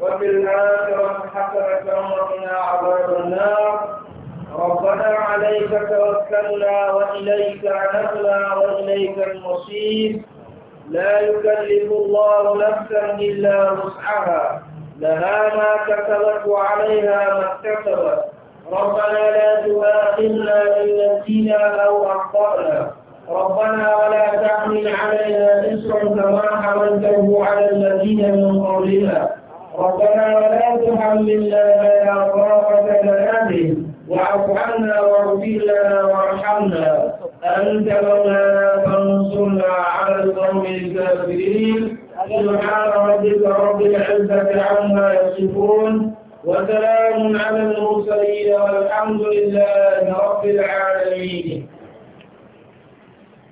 وفي الآخرة حسنة وقنا عذاب النار ربنا عليك توكلنا وإليك عنبنا وإليك المصير لا يكلف الله نفسا إلا وسعها لها ما كسبت وعليها ما اكتسبت ربنا لا تؤاخذنا إن نسينا أو أخطأنا ربنا ولا تحمل علينا إصرا كما حملته على الذين من قبلنا ربنا ولا تحملنا ما لا طاقة لنا به واعف عنا واغفر لنا وارحمنا أنت مولانا فانصرنا على القوم الكافرين سبحان ربك رب العزة عما يصفون وسلام على المرسلين والحمد لله رب العالمين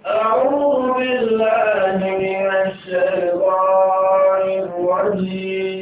أعوذ بالله من الشيطان الرجيم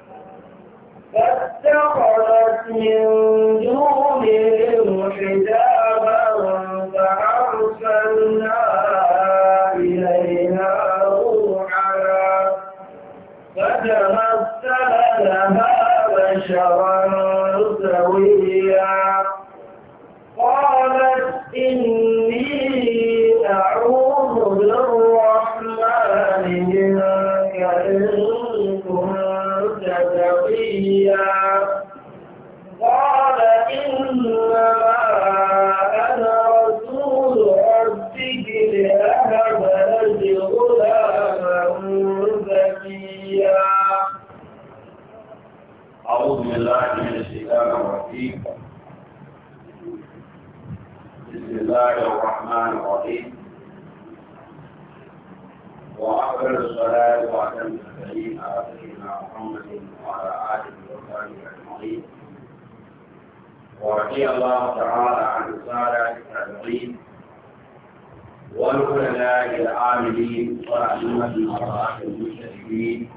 فاتخذت من دونهم حجابا فأرسلنا إليها روحنا فتمثل لها بشرا سويا قالت إني أعوذ بالرحمن منك إن كنت تقيا قال إنما أنا رسول ربك لأهب لك غلاما زكيا أعوذ بالله من الشيطان الرجيم بسم الله الرحمن الرحيم وأقبل الصلاة وأتم التسليم على محمد وعلى آله وصحبه أجمعين ورضي الله تعالى عن السادة التابعين والخلفاء العاملين ورحمة الأرواح المجتهدين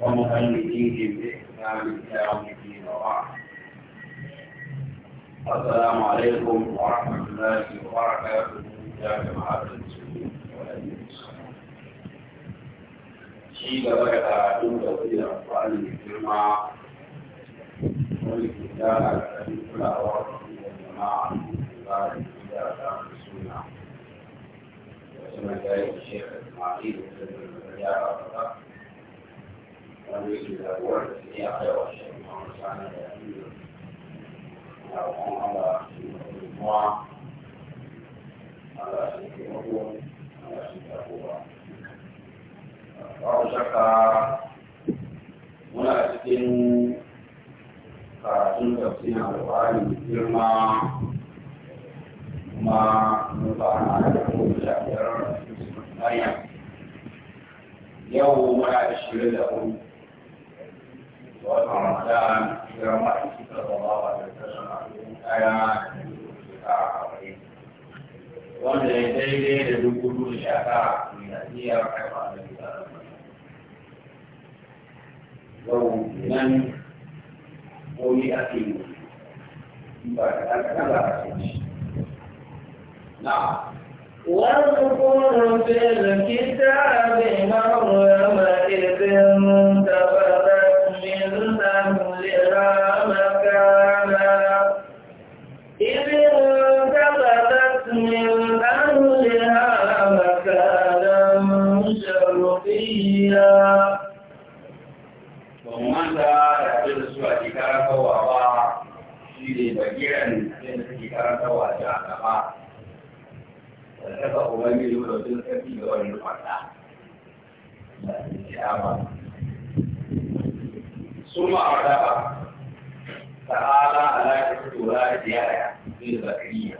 ومؤلفيهم بإحسان إلى يوم الدين السلام عليكم ورحمة الله وبركاته يا جماعة المسلمين والأمين 七个那个中国计的管理局嘛，所以现在那个出来了，什么什么，什么什么，现在都很我现在在有些，啊，里都是人家老大。我就是在乌鲁木还有小黄山也是，还有黄山的菊花，还有西湖，还有西湖啊。babu shakka muna cikin karatun tafsirin alƙur'ani mai girma kuma mun fara da kuma shafiyar Maryam yau muna ishirin da hudu wata Ramadan hijiran ma'aiki sallallahu alaihi wasallam a cikin kaya da dubu wanda ya daidai da dubu da shekara Wọ́n tó kó lọ sí ẹ̀rẹ̀ kí tẹ́ àgbẹ̀ ìgbà ọ̀rọ̀ ẹ̀rọ ẹ̀rẹ́ ẹ̀rẹ́ ẹ̀rẹ́ ẹ̀rẹ́ ẹ̀rẹ́ ẹ̀rẹ́ ẹ̀rẹ́ ẹ̀rẹ́ ẹ̀rẹ́ ẹ̀rẹ́ ẹ̀rẹ́ ẹ̀rẹ́ ẹ̀rẹ́ duniya ba mu manta da ake da suwa ke karanta ba shi ne bagiran yadda suke karanta wa da aka ba da taka kuma yi da wadda sun kafi ga wani fata da ake ya ba su ma a wada ba ta ala alaƙi tura da ziyara ne da bakiriya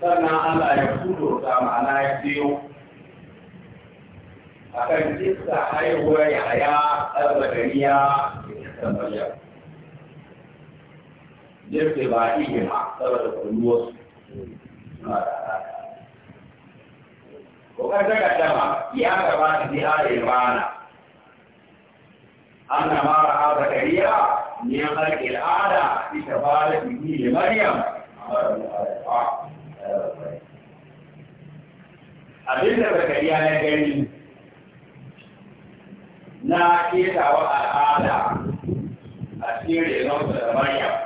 sannan ala ya kudo ta ma'ana ya biyo akan kisa haihuwar yaya albadaniya da mariya yadda ba ihe ma saboda kulluwarsu kokar daga dama iya aka ba ta ji hada imana an na mara haɗa kariya ne an harki al'ada ita ba da biyu da maryam a mara mu'arafa abin da zakariya ya gani na ketawa al'ada a cikin renon da Maryam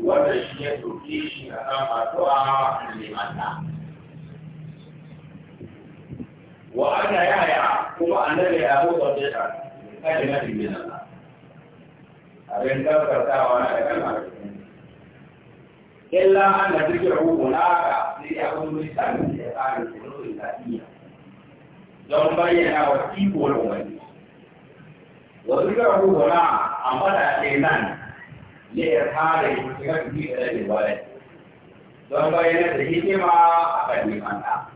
wanda shi ya soke shi a kan masu a limanta. Wa ana yaya kuma annabi ya zo da shi kai na dingin Allah. Abin tabbatarwa na da kalmar illa an da duk ruhu hunaka sai ya kuma mutane da tsarin da ruhu da iya don bayyana wa iko da umarni وذكره هنا أمر الإيمان لإرحال الشرك في بلد الولد don bayyana da hikima a kan neman ɗa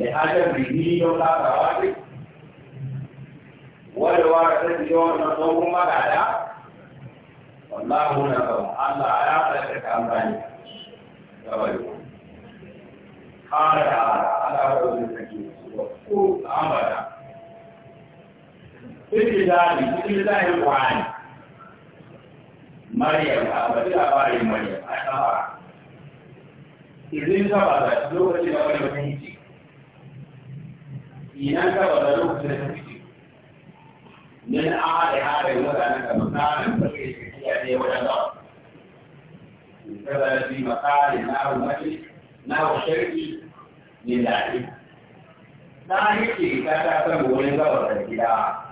da adam rini don kasawa ne wadda wa da sassi yawan na tsohon magada wallahu na kawo allah ya tsarka kamfani da wani kara da ala ala wadda sassi su ko amara cikin zari cikin zarin ƙwani maryam a bari a bari maryam a saba izin saba da lokacin da wani mutum ce inan saba da lokacin da mutum ce nan an haɗe haɗe mutanen da mutanen da suke tafiya ne wajen zama كذا في مقال نار المجلس نار الشرك لله لا يكفي كذا تقول ولا غير كذا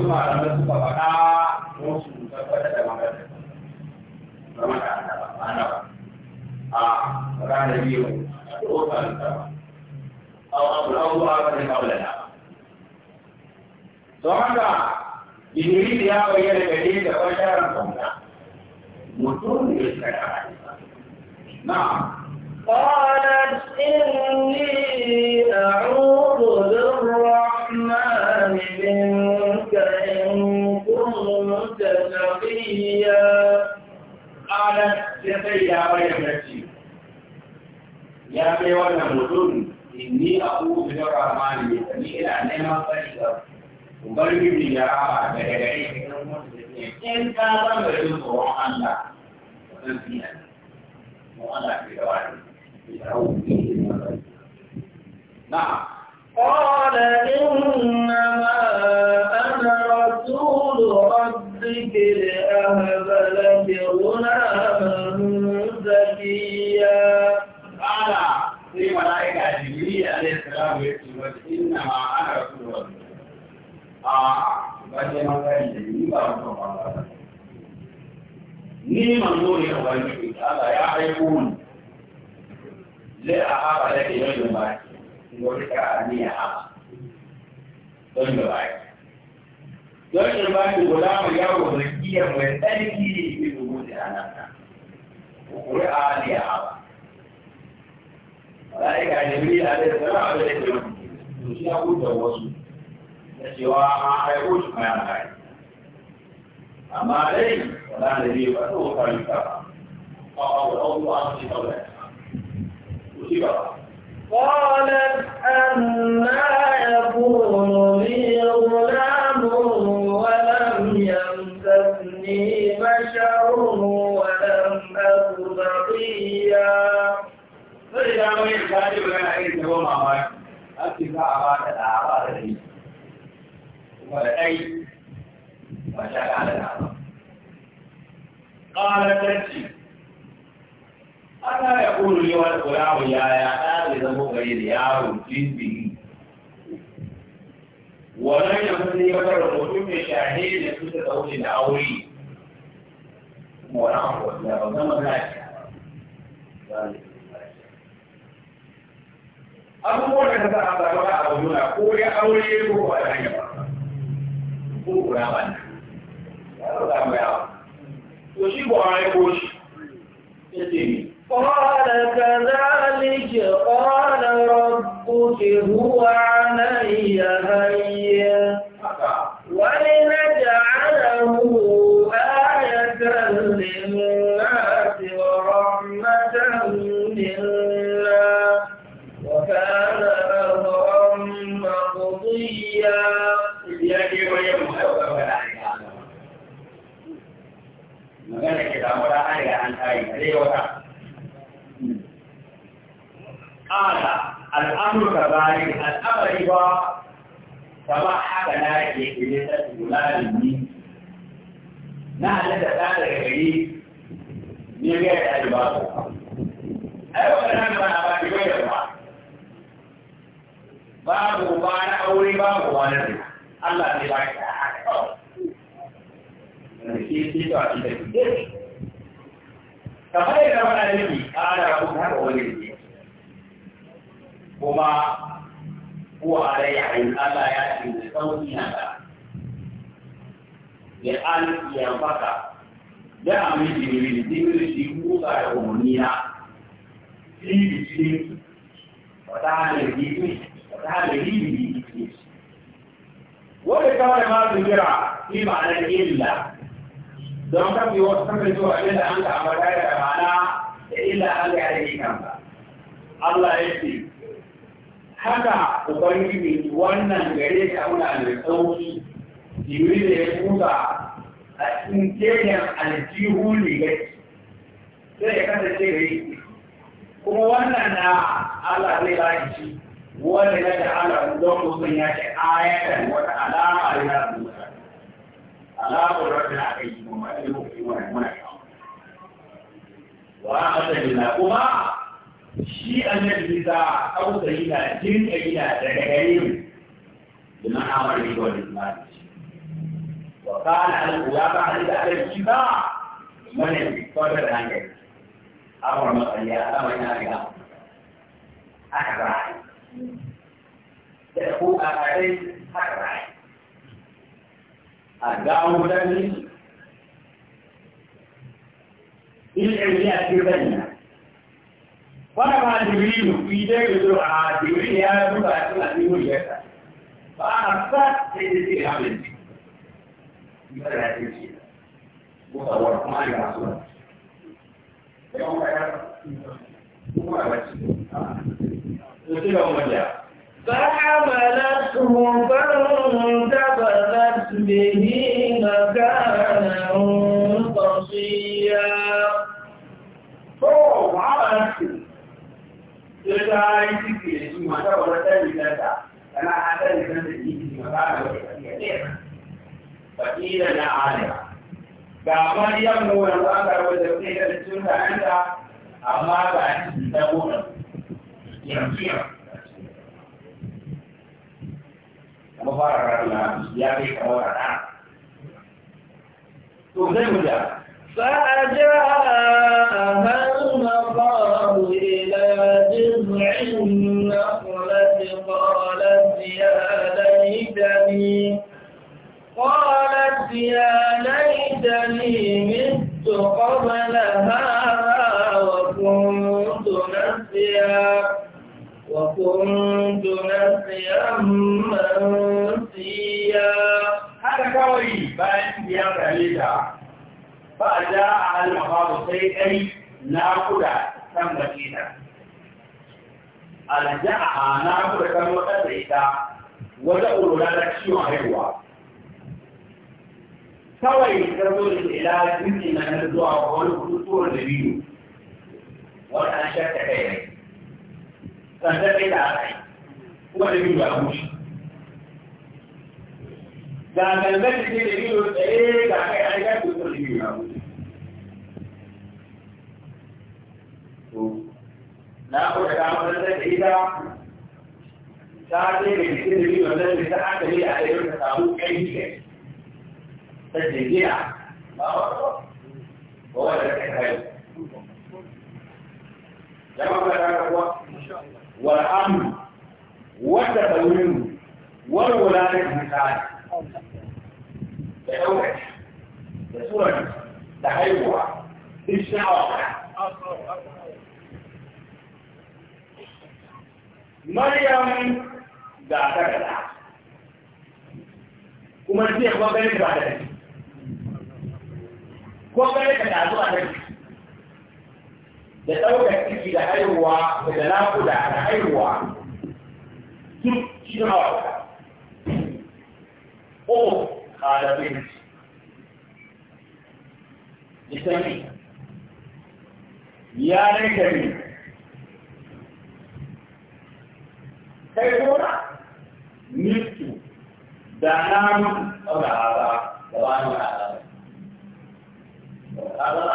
juma ranar suka faɗa يكون لا أعاب لك يوم المعك ولك أني أعاب يوم المعك يوم المعك غلام يوم ذكيا ويتأتي في ثبوت أنامنا وقرأ أني أعاب ولكن جبريل عليه السلام عليه السلام يقول توصل سوى ما يقول ما ينعي أما لي ولا نبي فسوق يكفى فقال أوضع قالت يكون لي غلام ولم يمسسني بشر ولم أك بقيا فإذا من أعراض الأعراض وشاء على الأعراض قالت ana ya kuru ne wani kurawa ya ya ɗaya da zama gari da yaro jinjiri wannan ya mutu ya bar mutum mai shahe da su ta zaune da aure kuma wani abu wasu da ban zama na shi abubuwan da ta sa a zama da abu nuna ko ya aure ko ba da hanyar ba ko kura ba ne ya zama yawa to shi ba wani ko shi ya ce ne قال كذلك قال ربك هو علي هين ولنجعله آية للناس ورحمة منا وكان أمرا مقضيا magana ke damu da an riga an قال الأمر كذلك الأمر هو تبحك لا يجلس ولا مني نحن نتساعد الغريب من غير أيوة كلام أنا أبغى أقول لك باب وانا أولي باب وانا الله يبارك حاجة كما يقول أنا لك قال ربنا أولي kuma ko a rai a yin Allah ya ce da sauƙi na ka da an iya baka da a mai jirgin jirgin shi kuka da umarni na jirgin shi wata hanyar jirgin wata hanyar jirgin jirgin wani kawai ma su jira shi ma'anar illa don kan yi wasu kan zuwa inda an ka amata da ma'ana da illa an ga yare kanka Allah ya ce haka ubangiji wannan gare ka muna mai sauki jibril ya kusa a cikin keken aljihu ligai sai ya kasance gari kuma wannan na Allah zai ba shi wanda na da Allah don mutum ya ce ayatan wata alama da ya rubuta alama da wata aka yi kuma wani lokaci wani muna yawa wa a matsayin na kuma shi annabi za a kausa yana jinka yana daga gare mu liman amara ne wani imani wa kana al-qura ba da alaihi ba mana fadar hankali amara masaliya amara yana ga aka rai da ku a kai aka rai a gawo dan ni ilmi ya tirbanna ولما جبريل في ذلك جبريل يا رب أسمع في وجهك فأنا سيدتي حملت مثل هذه الشيء مصور ما لي معصوم يوم كان هو وجه قلت له فحملته فانتبذت به مكانا ta yi ciki da shi mata ba ta yi ta kana a ta yi san da ciki ma ta da wata ne ba ila na alira ga maryam mu wanda aka rubuta da kai da tun da anta amma ba shi da gona yankiya amma fara rana ya kai kamar rana to zai mu da فأجاءها المخاض جذع النخلة قالت يا ليتني قالت يا ليتني مت قبل هذا وكنت نسيا وكنت نسيا منسيا هذا كوي بعد يا خليلة فأجاء المخاض سيئي ناقدا تم بكينا alja'a na rabu da kan wata da ita wata urula da ciwon haihuwa kawai karbo da ila jirgi na nan zuwa wani kutuwar da biyu wani an shakka kai ne sannan kai da aka yi kuma da biyu ba kushi ga gangan da ke da biyu tsaye ga kai an shakka kutuwar da biyu na kushi na ko da kamar da ita ta ce mai cikin da biyu wanda ta haka ne a yau ta samu kai ne ta jingira ba ba wanda ta kai jama'a ba ta kuwa wal'amu wanda ta wurin walwala da misali da ɗaukaci da tsoron da haihuwa duk sha'awa maryam ga ta da ta kuma zai kuma ganin ba da ta ko ganin ka da zuwa ta da ɗaukar ciki da haihuwa da da naƙuda da haihuwa duk shi da mawa o kalabin ya sani ya rai kai gona mitu da na mutu saboda haza da ba ni wani azaba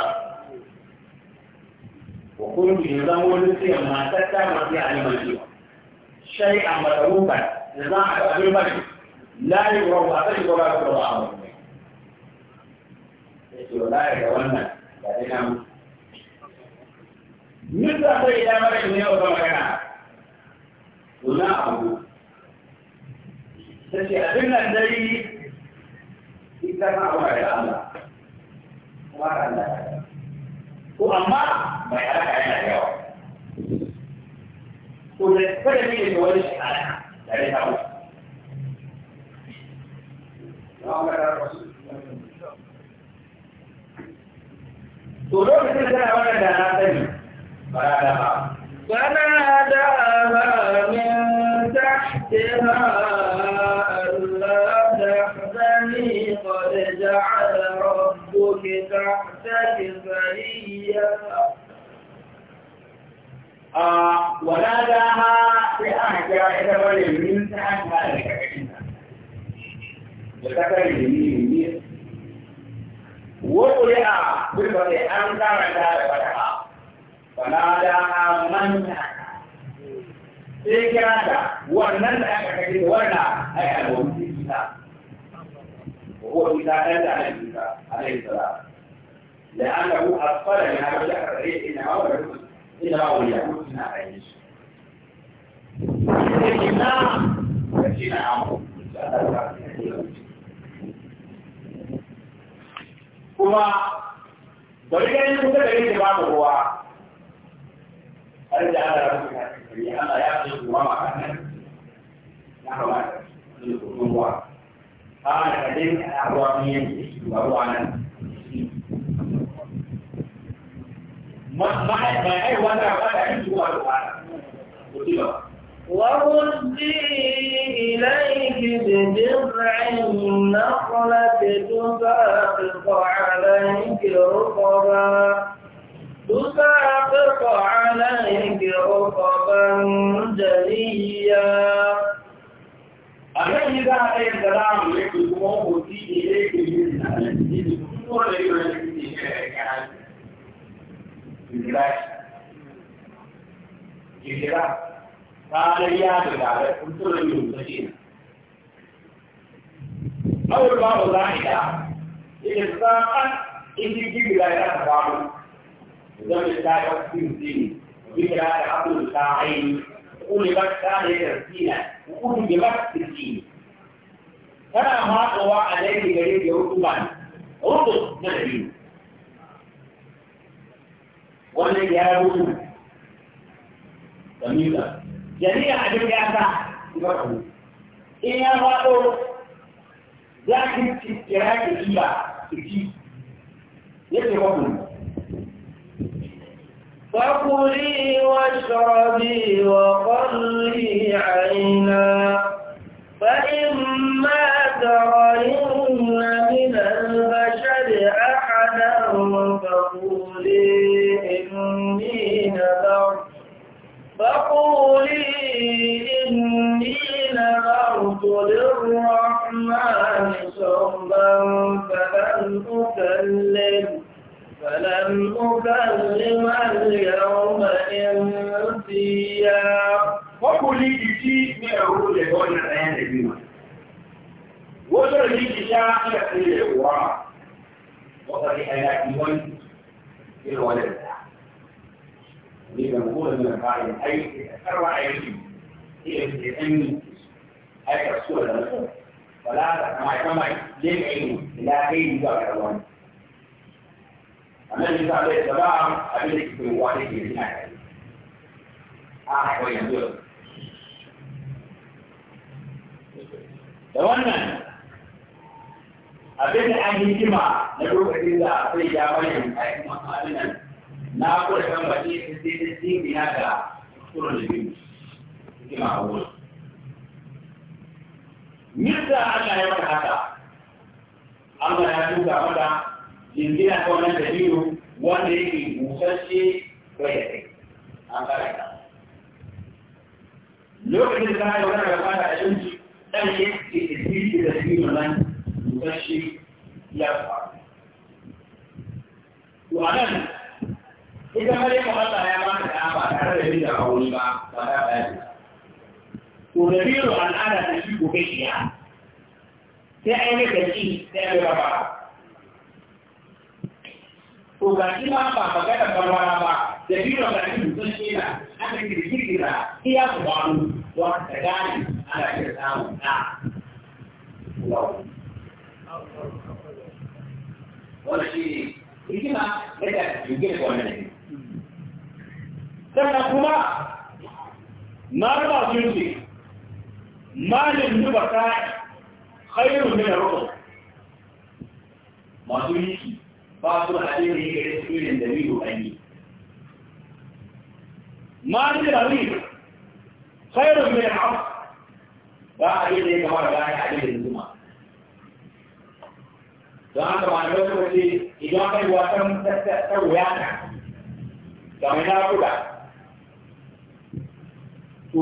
wa kuntu ya zama wani sai matar ta masu yana neman jiwa shai a matsarukan da za a ga abin bari la yi wa ba ta yi wa ba ta ba a wani ya ce wa la ga wannan ga dai na mutu. Nisa sai ya mara ne wa zama kana ولا أبو تشي أبنا دي إذا ما هو يا الله وما الله وأما ما يراك أنا يا ولا ولا مين يقول لي أنا لا يتعود to lokacin da kana wannan da ذكر يمين وقرئ بالفتح أن كرنتها بفتحة فناداها من sai kira da wannan da aka kashe da wannan ai alwani ne kita ko kita dan da ana kita alaihi salam da an ga asfala ne har da aka rage ina ma ba ina ma wani ko ina ai shi ina ka ci na amma da Allah kuma bari ganin kusa da yake ba mu ruwa har da Allah ya mutu kai Allah ya ce kuma ma kan na hawa ne ko mun ruwa ha da dai a ruwa ne yake ba ruwa nan ma ma ai wanda ba da shi ruwa ruwa ko وردي إليك بجذع النخلة تساقط عليك رقبا تساقط عليك رقبا جليا أنا إذا السلام وردي إليك بجذع النخلة فعليا بالله قلت رجل سكينة أول باب ذلك إذا ساقت إذا جيب لا يتفعل زم الساعة في الدين وبكرة عبد الساعين وقول بك ساعة سكينة وقول بك سكينة فلا ما قوى عليك غير يوم رضط نبيه والذي يا رجل تميلا جميع أدلة مرحبا إن الله ذاك الكراك إلا تجيب يتبقون فكلي واشربي وقلي عينا فإما ترين من البشر أحدا فقولي lè gbé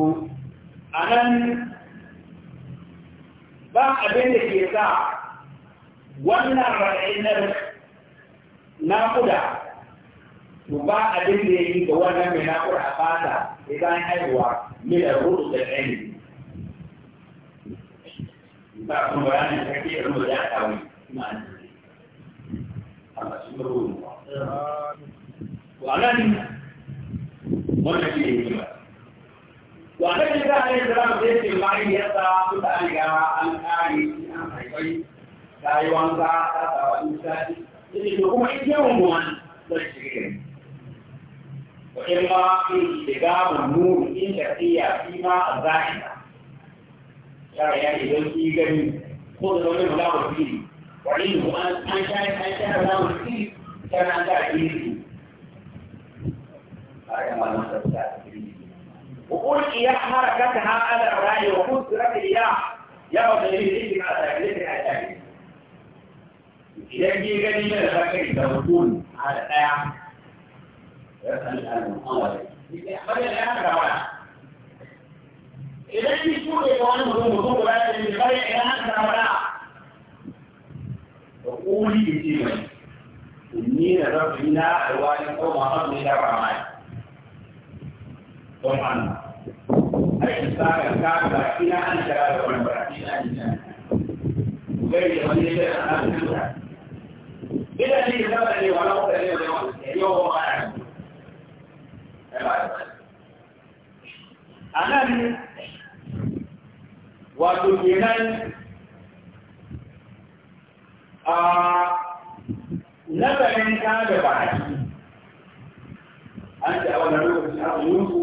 hudu a nan ba abin da ke sa wannan ra'inar naƙuda to ba abin da ya yi ga wannan mai naƙuda a fata idan haihuwa mila hudu da ɗani ba kuma bayanin kake irin da ya kawo ma'ana Allah shi ruwa. Wa nan wannan shi ne وأنا إذا عليه السلام زيت المعين يسعى تتعلق عن آلي عن حيوي تايوان ساعة وإنسان يجبكم إجاهم وأن تشكرين وإما في استقام النور إن تأتي فيما الزائدة شرع يعني إذا في جميل خذ الولي ملاوة فيه وعلمه أن أن شاء أن شاء ملاوة فيه كان أن تأتي فيه هذا ما نحن وقول إياه حركتها على الرأي وقول سرق إياه يا وزير ليش ما تأكلت الأشياء إذا جي قديم الفكر تقول على الآية يسأل المحاضر يقبل الآية كمان إذا يشوف إخوانه مدوم مدوم بقى يقبل الآية كمان وقولي بسيبني إني نظرت إلى أواني قوم أخذ من الرمائي طبعا الإنسان الكافر إلى أن تلاقوا المرأة إلى أن تلاقوا وغير من يشاء أن تلاقوا إذا لي زمني ولو تلي اليوم اليوم أنا أنا وتجنن نبأ كان بعد أنت أول نبأ يوسف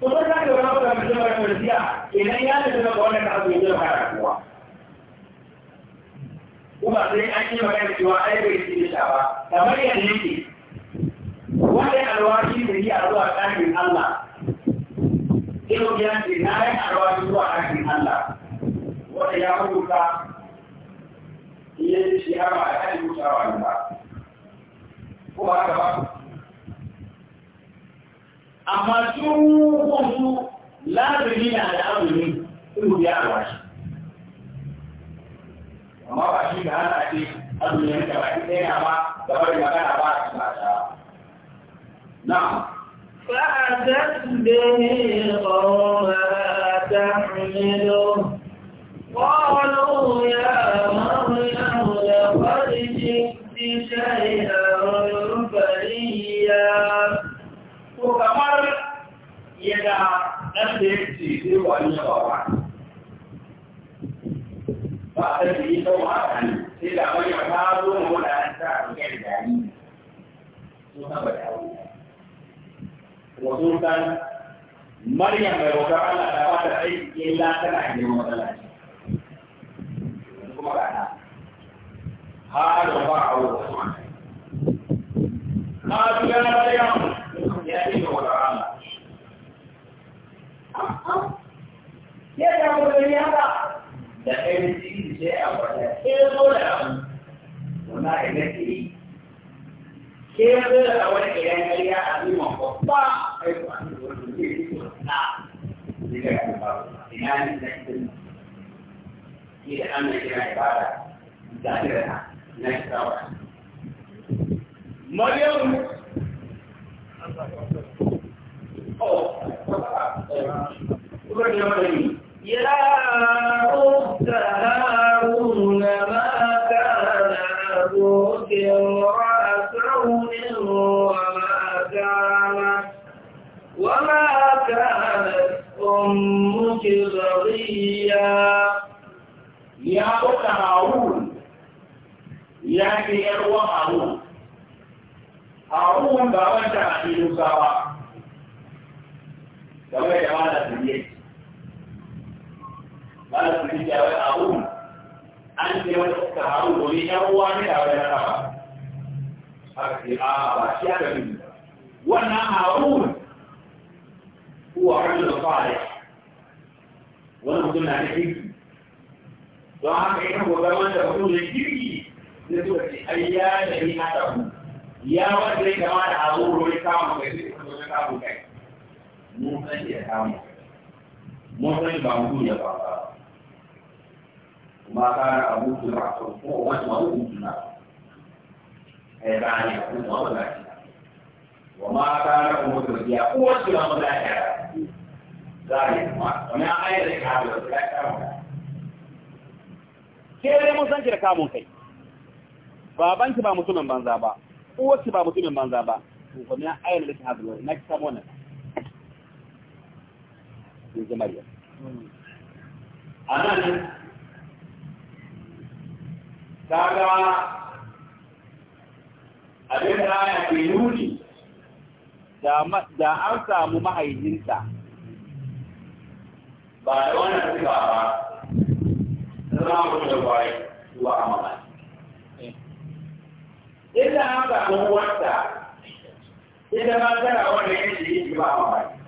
kuma za ka zama ba mai zama da idan ya da zama wanda ka abu ya zama da kuma sai an yi magana cewa ai bai ci da ba kamar yadda yake wanda ya alwashi da yi a zuwa ɗakin Allah ilo ya ce na yi alwashi zuwa ɗakin Allah wanda ya rubuta iya shi har a ɗakin mutawa ba kuma haka ba amma tsohon su lazumi na da azumi sun biya a washi amma ba shi da hana ake azumi ne da baki ɗaya ba da bari magana ba فأتت به قومها تحمله قالوا يا إلى نفسك تيجي وأن يضرع فأخذ لي طبعا إلى من يحاول ولا أنسى كذلك سبحان الله وسلطان مريم يوضع على أبدا أي إلا تنعي ومثلا ثم بعدها هذا وضعه قالوا يا مريم ya samu gani haka da ɗaya ciki sai a wata sai ya zo da abu wanda a ina ciki sai ya zo da wani idan ƙarya a liman babba a yi kuma da wani zai yi kuma na zai ga kuma ina ne na cikin shi da an na kira ibada da ta na na kira wa Maryam ya ke yar uwan Harun. Harun ba wanda a ba. game da wala duniya wala duniya wai abun an ce wata suka haru domin yan uwa ne da wani rafa haka ce a ba shi aka bi wannan harun kuwa rajul salih wani mutum na da kirki don haka ita gogarman da mutum da kirki sai suka ce ai ya da ni haka ya wanda ya kama da harun domin kamun kai sai suka zo na kamun kai mun san ya kama mun san ba mutum ya fara kuma kara abu su ba su ko wani ma hukun suna ai ba ne ko ma ba shi wa ma kara kuma su ya ko wani ma ba shi zai kuma wani ayi da ka da ka kama ke dai mun san ki da kamun kai babanki ba mutumin banza ba uwarki ba mutumin banza ba to kuma ayi da ka da na ki samu wannan بنت مريم أنا تابع أبن رايا في يوني دا أنسى ممحي جنسا بعد وانا تبعها نرام بجواي هو أمامان إذا أنسى ممحي جنسا إذا ما ترى أولي جنسي يجب أمامان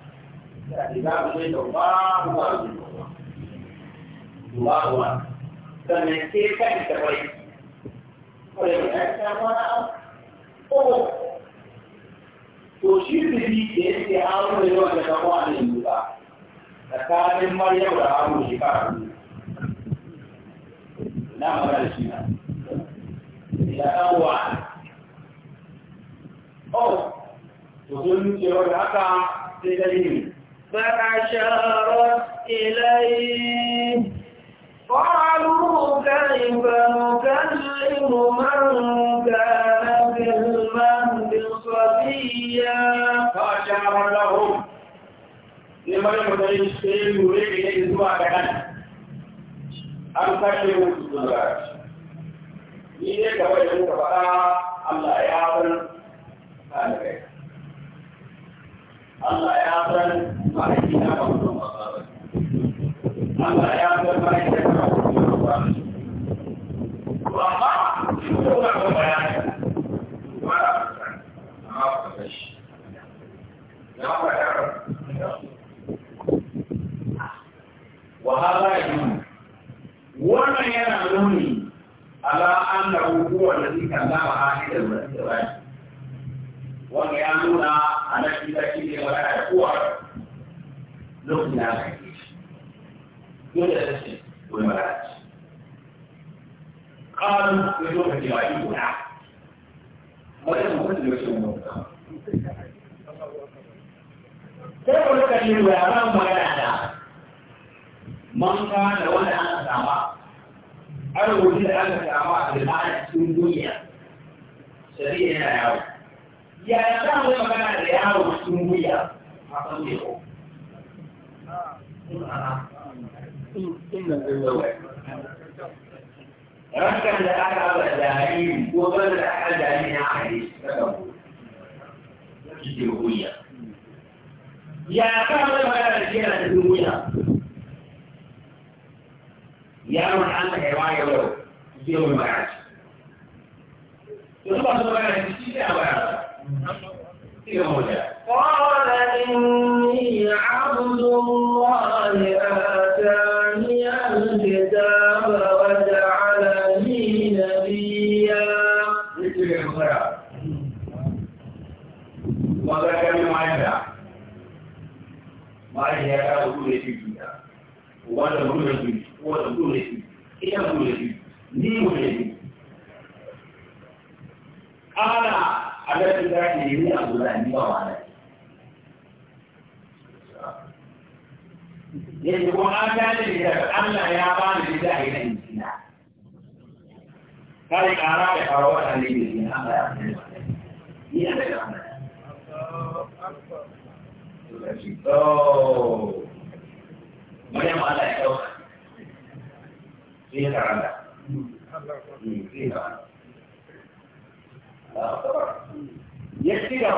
إذا أريد الله وأريد الله الله وأريد فمن كيف تتبعي ولكن أسمع أو تشير به أنت حاول أن تتبع عن الله فكان مريم وعمر شكاره لا مدى لشيئا إلى أول أو تظن أن هذا سيدنا فأشارت إليه قالوا كيف نكلم من كان في المهد صبيا فأشار لهم لمن يمتلك الشيء يريد إليه سوى كان أم kashe musu إذا ni ne kawai da muka Allah ya san ma'aiki na ba mutum ba ba Allah ya san ma'aiki na ba mutum ba ba amma shi ko na ba bayani ba na amma ba ka shi ya ba ya wa hada yi wannan yana nuni ala annahu huwa alladhi kallama ahadal rasul wanda ya nuna a nan shi sarki ne wa da kuwar lokacin da aka yi shi dole da tashi wani magana ce ƙalu ya zo ka kewa yi guda wani mutum da shi wani sai wani kalli wa yaran magana da man ka da wanda an sama an rubuta da aka sama a cikin duniya shari'a yana yawo ya za mu yi magana da yaro cikin wuya a kan lebo rankan da aka ba jariri ko ban da aka jariri na hari ta gabo cikin wuya ya za mu yi magana da yana cikin wuya yaron an da yawa yau zai mu magana shi. Yanzu ba su magana shi shi ne a bayarwa. قال إني عبد الله آتاني الكتاب وجعلني نبيا وذكر ماذا؟ ماذا يا رسول الله wanda gudun da biyu wanda gudun da biyu ina gudun da biyu ni gudun da biyu التي لا تجري الغلامية وعلى يجب أن كان لذلك أن لا يابان لله إلى إنسنا ذلك أراك فروة لله أن لا يابان لله مريم على يدوك فيها كرامة فيها كرامة يكفي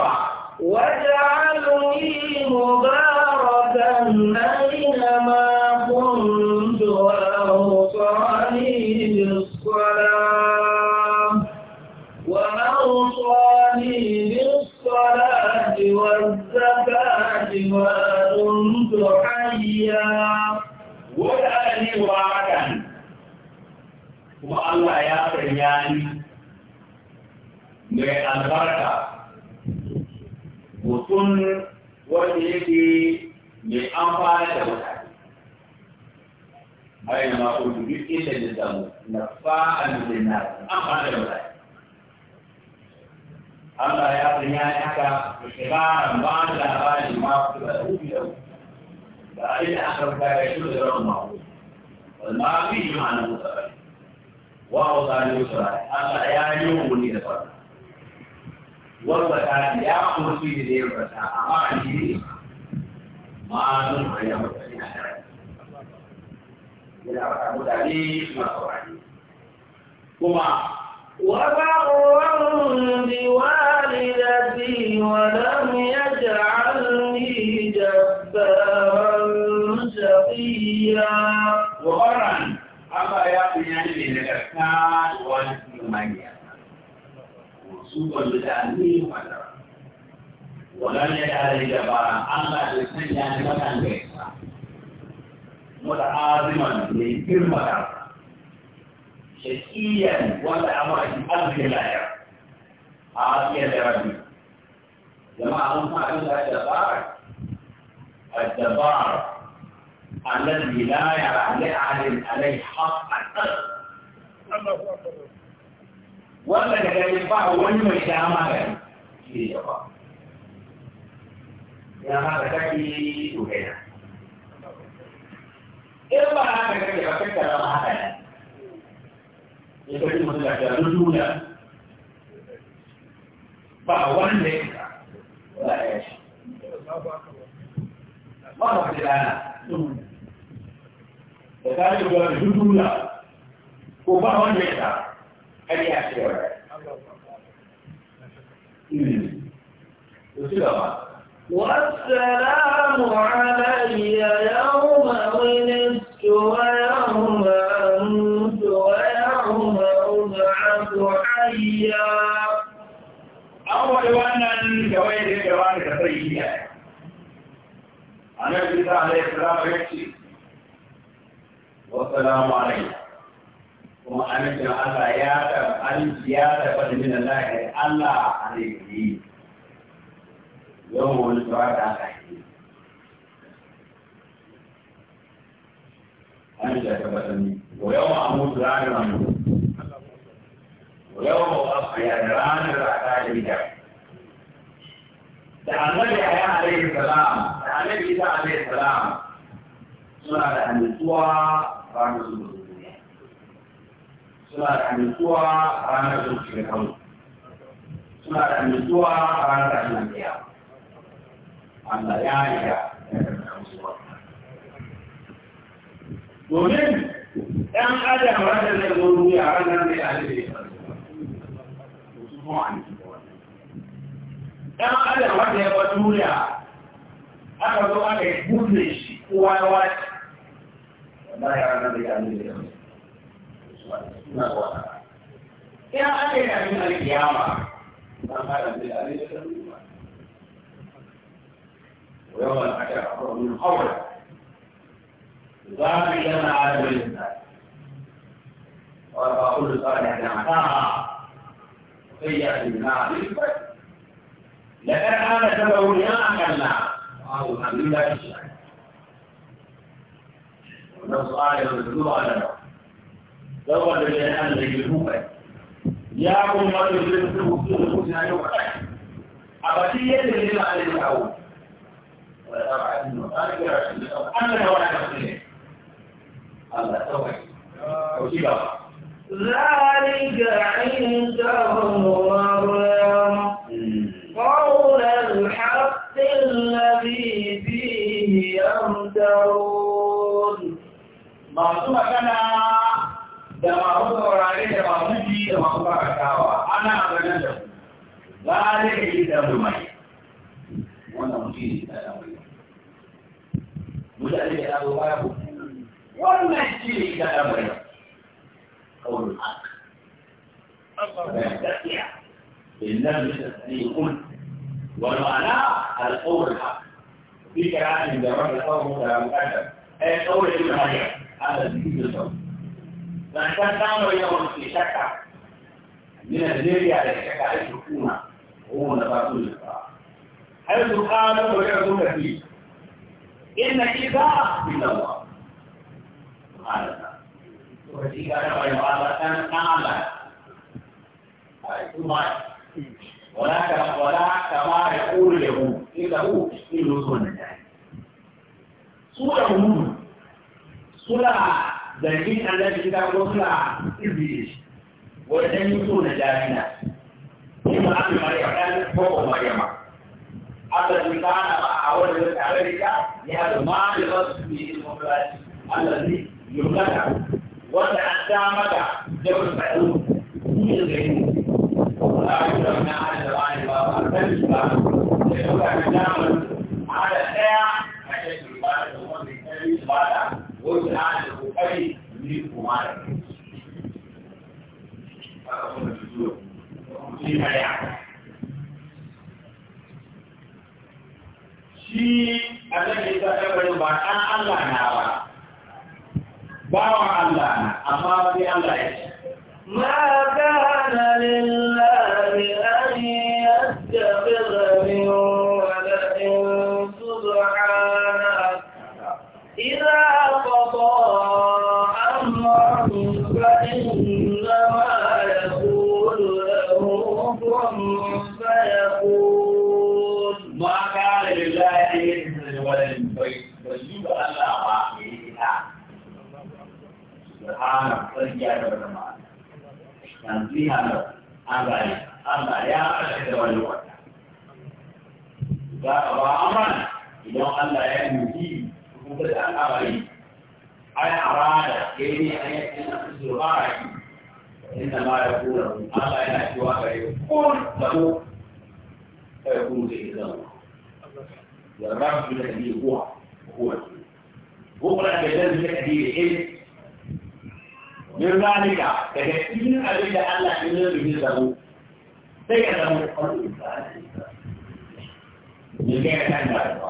واجعلني مباركا أينما كنت وأوصاني بالصلاة وأوصاني بالصلاة والزكاة ما حيا وأني وعدا وأن لا يقرياني mai albarka mutum wanda yake mai amfani da mutane bayan ma ko duk inda ya samu na fa'an da na amfani da mutane Allah ya san ya haka shiraran ba da labari ma su da rubi da da ai da aka rubuta ya shi da ran ma wal ma fi ma'ana mutane wa wa zalimu Allah ya yi mu ne da fara والبتاء يا أمسي لي البتاء أماني ما نمر يا مبتدئ إلى مدري ما صوري كما وبرا بوالدتي ولم يجعلني جبارا شقيا وبرا أما يا بني من الأسنان والمنيا سوءا لتعليم وعذاب ولن يجعل جبارا الله يسمى لمكان بيسا متعاظما لكلمة شكيا ولا أمر بأرض الله عاصيا لربي جماعة هم على الجبار الجبار الذي لا يعلم عليه حق الأرض الله أكبر wanda da gani ba wani mai dama da shi da ba ya haka kake to kai in ba haka kake ba kai kana haka ne ya kace mutum da ya duniya ba wanda ya ba ya shi ba ba ka dana da kai da duniya ko ba wanda ya أي أشياء ولا والسلام علي يوم ولدت ويوم أموت ويوم أبعث حيا أول وانا جوائز جوائز كثيرة أنا بيسا عليه السلام يكشي والسلام عليكم kuma amincin Allah ya ya tabbata min Allah ya Allah alaihi yau wani tsara da aka yi an da tabbata ni wa yau ma amu tsara da mu wa yau ma afa ya ranar da aka yi da da annabi ya alaihi salam da annabi isa alaihi salam suna da annuwa ba su suna da amintuwa a ranar da suke kawo suna da amintuwa a ranar da suna biya Allah ya yi ya domin ɗan adam ranar da zo duniya ranar da ya da ya ɗan adam wanda ya ba duniya aka zo aka yi buɗe shi kowa ya wace. Allah ya ranar da ya da ya يا أخي من القيامة ويوم الحشر أقرب من قبل ذلك لنا على كل الناس ورفع كل صالح نعمتها وسيئة بالنار لكن أنا سبب يا أكلنا قالوا الحمد لله الشيء ونفس آية الرسول على نفسه لو أن الجنان يجلوه يا أبو ما يجلوه في الخزنة يوم أبتي يدري لما عليه الأول ولا أنه أكبر أنه ولا يمكنه الله توحي وشيبه ذلك عندهم مريم قول الحق الذي فيه يمترون ما كان da masu saurare da masu ji da masu karatawa ana ganin da su ذلك كتاب الميت وانا مجيز كتاب الميت مجالي كتاب الله وانا مجيز كتاب الميت قول الحق فيستطيع بالنفس التسليم والمعنى القول الحق في كلام من جواب القول مكتب اي قول ابن حجر هذا الذكر الصوت dan san samun yawan ke shakka من الجيريا لكك على الحكومة هو نفاق الإسراء حيث قال ويعظم فيه إن إذا من الله سبحان الله وفي كان ويعظم نعمة ثم ولا كما ولا كما يقول اليهود إنه من نزول النجاة سورة هود سورة zargin Allah da kita ko suna iblis wani ɗan yi so na jarina shi ma abu maryam ɗan koko maryama Allah zai kana ba a wani da tare da ita ya zama da wasu ne ilmokrasi Allah zai yurgata wanda an dama da jawar faɗo shi ne zai yi ba a yi zama na hada da wani ba ba a kan shi ba da suka ga damar hada ɗaya a shekaru ba da wanda ya yi ba da wasu na hada ai ni kuma da aka kuma da zuwa shi na ya shi a nan ya sa ɗan ba ɗan Allah na ba bawan Allah na amma sai Allah ya ce ما كان لله أن يتخذ من فإنما يقول له كن فيقول ما كان لله أن يتخذ ولد بيجيب الله باقي سبحانه فجأة الرحمن تنزيها له أبدا أبدا يا أشهد والوالد ذا أمر إذا الله يهدي وقد أمر أي أراد كيف أن يكون الغاية إنما يقول الله لا سواه يقول له فيكون زي ذلك والرب الذي هو هو بكرة بجد تأديب العلم من ذلك تكتين أبدا ألا ينزل به له سيكون قلبه من كيف كان ذلك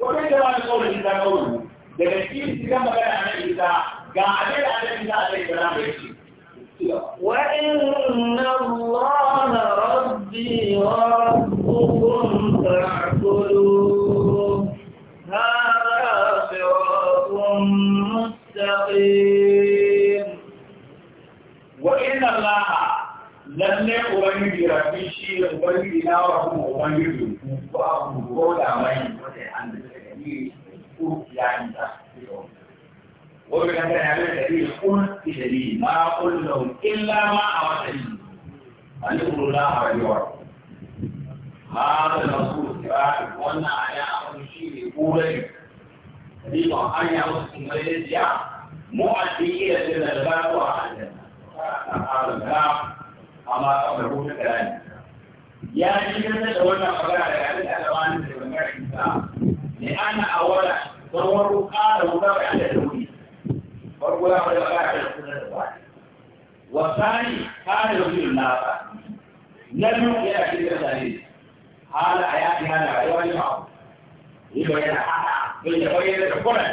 وكيف كان قول الإنسان قوله daga cikin cikin magana na isa ga abin da annabi isa alaihi salam ya ce وإن الله ربي وربكم فاعبدوه هذا صراط مستقيم وإن الله لم يكن ربي شيئا بل إلى ربه ومن يدعو فأعبدوه لا من يدعو يعني وبكذا نعمل دليل قل في دليل ما قل لهم إلا ما أردني أن يقولوا الله ويورد هذا المذكور سواء وانا على أمر شيء يقول دليل أن يعود في ماليزيا مؤدي إلى سنة الباب وعلى هذا الكلام أما قبله كلام يعني كذا لو أن أقرأ على هذا الألوان لأن أولا don wani ruka da wuta bai ala da wuri farko ya wani ala da kuma da wani wasani kare da wuri nasa na biyu yana cikin zane hala a yaƙi hala a yawan yawa yi bayan haka bai da bayan da kuma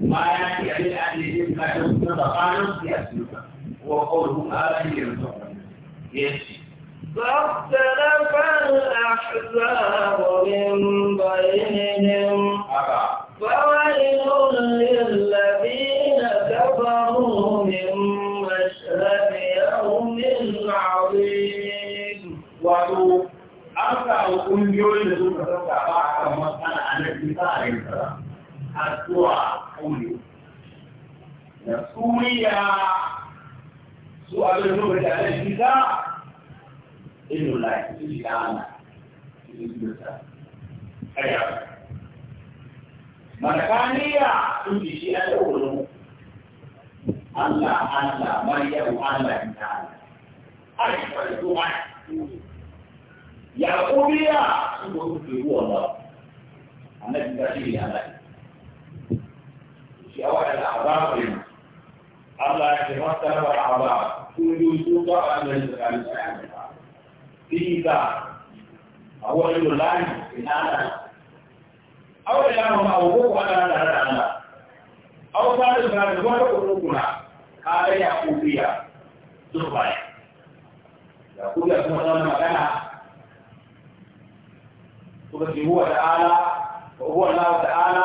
bayan ki abin da ake yi ka ta kuma da kwanan siyasi wa kawai ala ne da mutum ya ce فاختلف الأحزاب من بينهم فويل للذين كفروا من مشهد يوم عظيم وعدو أرقى الأنجل لذلك تتبع كما كان على الكتاب أسوأ أولي سوريا سؤال الجمهورية على الكتاب إنه لا يستطيع أنا أي Makaniya sun ji shi an ɗaukuru. Allah, Allah, Maryamu, Allah, ita Allah. Arifar zuwa. Yaƙubiya sun zo su ke ruwa ba. Annabi ta shi ne Allah. Shi awa da azabar yi. Allah ya ce masa da azabar. Kun yi su ba a nan da kan shi an ba. Fiza. A wani lulani ina nan. aw da ya mamu abu ko ana da hada Allah aw ta da ba da wata kurkuna ka da ya kufiya zuwa ya kufiya kuma da magana kuma shi huwa ta'ala wa huwa Allah ta'ala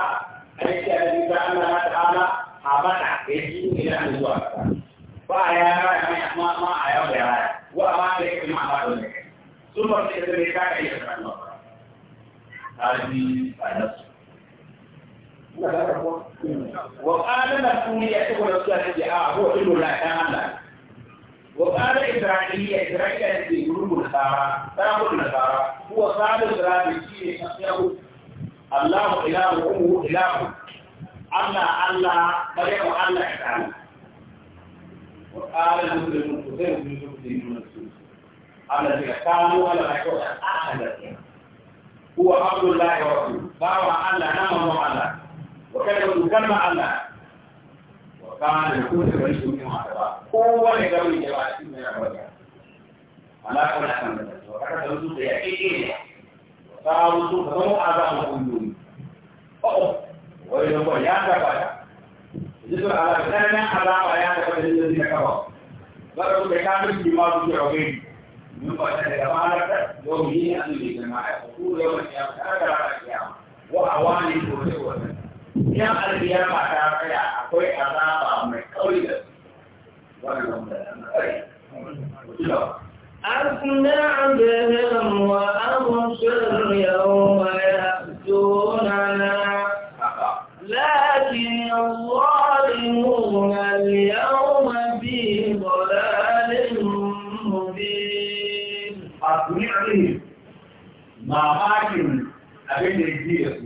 alayhi alladhi ta'ala ta'ala habana yaji ila zuwa ba ya ya ma ma ayo da ya wa ma da yake ma ba da ثم في ذلك كان يتكلم هذه النفس وقال مسؤولي يقول الشافعي اه هو حلو لا تعالى وقال إسرائيل إسرائيل في قلوب النصارى تأخذ النصارى هو قال إسرائيل في يهود الله إله أمه إله الله الله مريم الله تعالى وقال المسلمون كثير من المسلمين الذين كانوا على ما يقول أحد هو عبد الله ورسوله باوع الله نعم الله وكلمة كلمة على وكان يكون رئيس من عقبة هو اللي قبل الجواب من عقبة على كل حمد وكان الرسول يحكي وصار الرسول فهو أعظم الأمور يا كفاية ذكر على كلمة على بيان كفاية الذين كفروا برضو بكامل دماغ idan alkiyama ta tsaya akwai azaba mai kauri أسمع بهم وأبصر يوم يأتوننا لكن الظالمون اليوم في ضلال مبين أسمع بهم ما ماكن أبين الجيس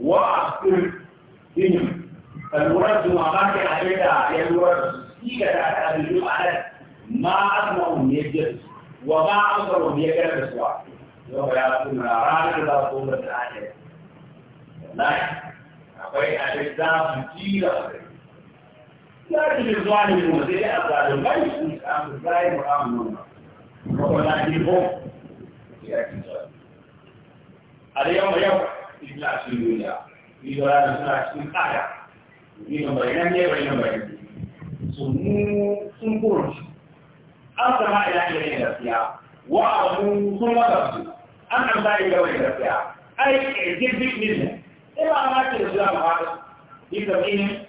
وأبصر بهم فالورد وما كان عليها يلورد فيك تعالى بالجمع على ما أسمعهم يجد وما أبصرهم يجد بسوا يوم يعلمون رانك لا قوة الآخرة والله أقول أجزاء كثيرة لكن الظالم المزيد الظالم لا يشوف أمر الظالم وأمر الله ولكنهم اليوم يوم إبلاس الدنيا في بلاد سلاح في قاعدة بين بينانية بين بينانية سمو سنبورج أنت ما إلى إلى نفسها وأعلم ثم تفسي أنت ما إلى إلى نفسها أي إعجب بك منها إلا أماكن الإسلام هذا في تبعين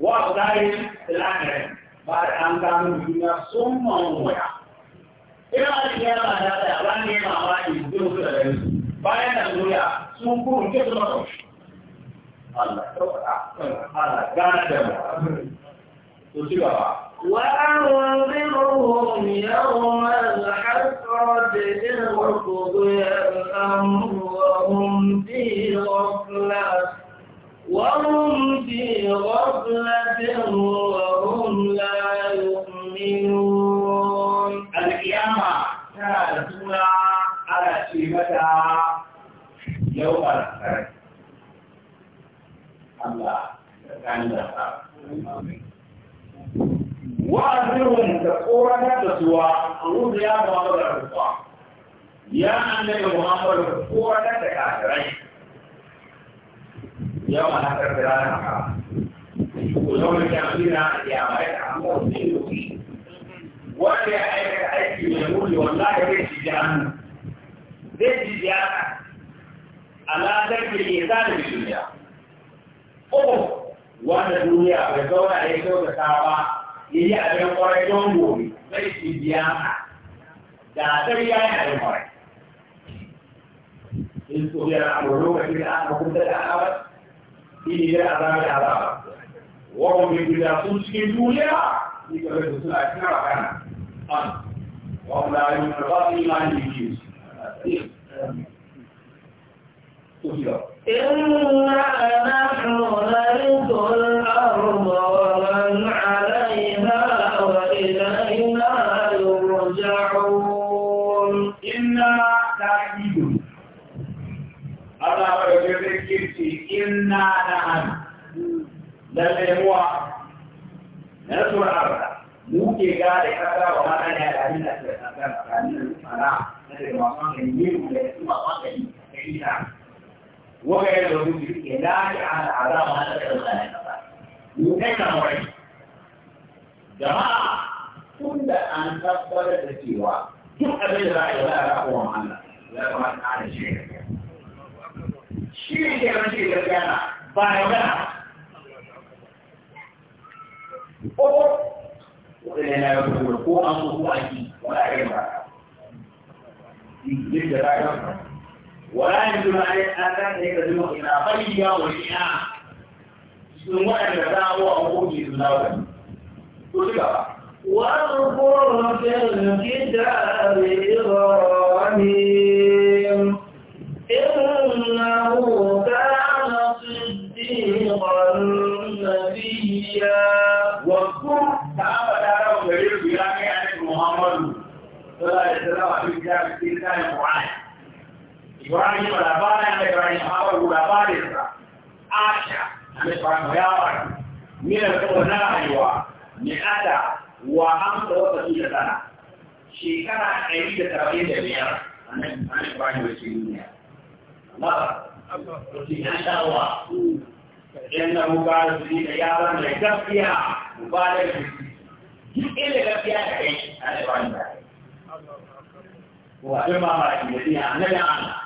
وأخذائي الآن بعد أن كانوا بنا ثم مويا إلا أن يرى هذا الآن يرى هذا يزدوك لديه bayan da duniya sun kuma ke su maka shi Allah Allah gana da mu to ci gaba وأنذرهم يوم الحسرة إذ قضي الأمر وهم في غفلة وهم في غفلة وهم لا يؤمنون القيامة ترى رسولا على شيبتها يوم الحسرة وأذرهم كفورة تسوى أقول يا محمد الكفار يا أنك محمد كفورة تكافرين يوم نحن المكان ويوم كاملنا يا ملك ولا أي أي يقول والله ليش جانا ليش جانا على ذلك الإنسان في الدنيا uku wanda duniya bai zauna da ya kyautata ba ya yi abin kwarai don gobe zai ci biya da sai ya yi abin kwarai in so ya ramu lokacin da aka kunta da abar shi ne ya azaba da azaba wawan bai guda sun cikin duniya ni ka bai suna cikin rakana an wawan da yin karfa su yi ma ne biyu su. Tuhi da إنا نحن نرث الأرض ومن عليها وإلينا يرجعون إنا نحن الله يجب كيفتي إنا نحن لذي هو نرث الأرض muke gane kasa wa hana ne a abin da ke tsakanin tsakanin fara na da wasan da yi mu da su ba wasan da yi ta وغير الوجود كذلك على العذاب هذا كذلك وكيف موعد جماعة كل أن تقبل السوى تقبل لا إله إلا هو محمد لا تمت على شيء شيء كما شيء كان بايعنا أو وإلى يقول كون أنه هو أكيد ولا غير ذلك ولا يجوز أن تنتهي تجمع إلى غيها وإياها sun waɗanda dawo a hukumi su dawo to ci إبراهيم إنه كان صديقا نبيا واذكر تعالى تعالى وغيره محمد صلى الله عليه وسلم في كتاب القرآن Ibrahim labarin da Ibrahim Hawaru labarin sa Asha na Ibrahim Yawa mina da na rayuwa ne ada wa hamsa wata su da sana shekara ɗari da saba'in da biyar a nan Ibrahim da ke duniya. Allah, shi na shawa idan na ruba da su da yaran da gaskiya ba da su duk inda gaskiya da kai a Ibrahim da kai. Wa ɗin mamaki da biya na da ana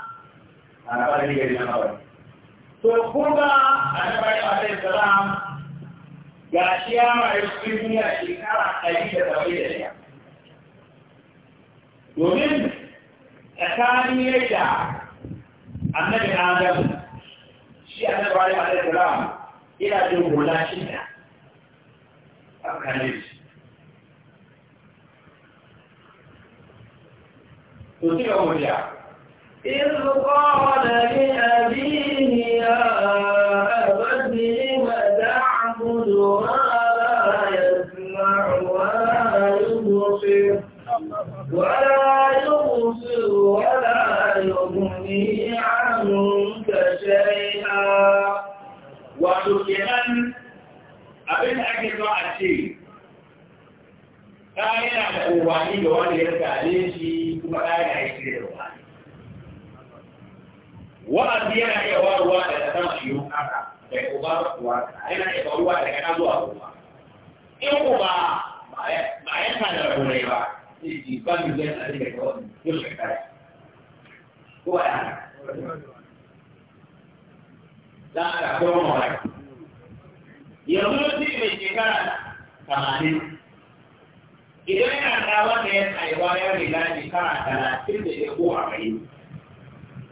alƙawari gari na kawai to kuma annabi alaihi salam ga shi ya rayu cikin duniya shekara ɗari da saba'in da ɗaya domin tsakanin yadda annabi adam shi annabi alaihi salam ina jin hula shida a kanin shi to sai ga mutiya إذ قال لأبيه يا أبت لم تعبد ما يسمع ولا يبصر ولا يبصر ولا يغني عنك شيئا وسليمان abin da ake so a ce ta yana da umarni da wanda ya gane shi kuma ɗaya ya yi shirya da wa'azi yana iya waruwa daga sama shi yun kasa daga uba kuwa yana iya waruwa daga na zuwa uba in uba ba a yanka da raburai ba shi ba mu zai tsari daga wani yau shekara ko a yana za a ga kuma mawai yanzu shi mai shekara tamanin idan yana da wanda ya tsaiwa ya riga shekara talatin da ya ko arba'in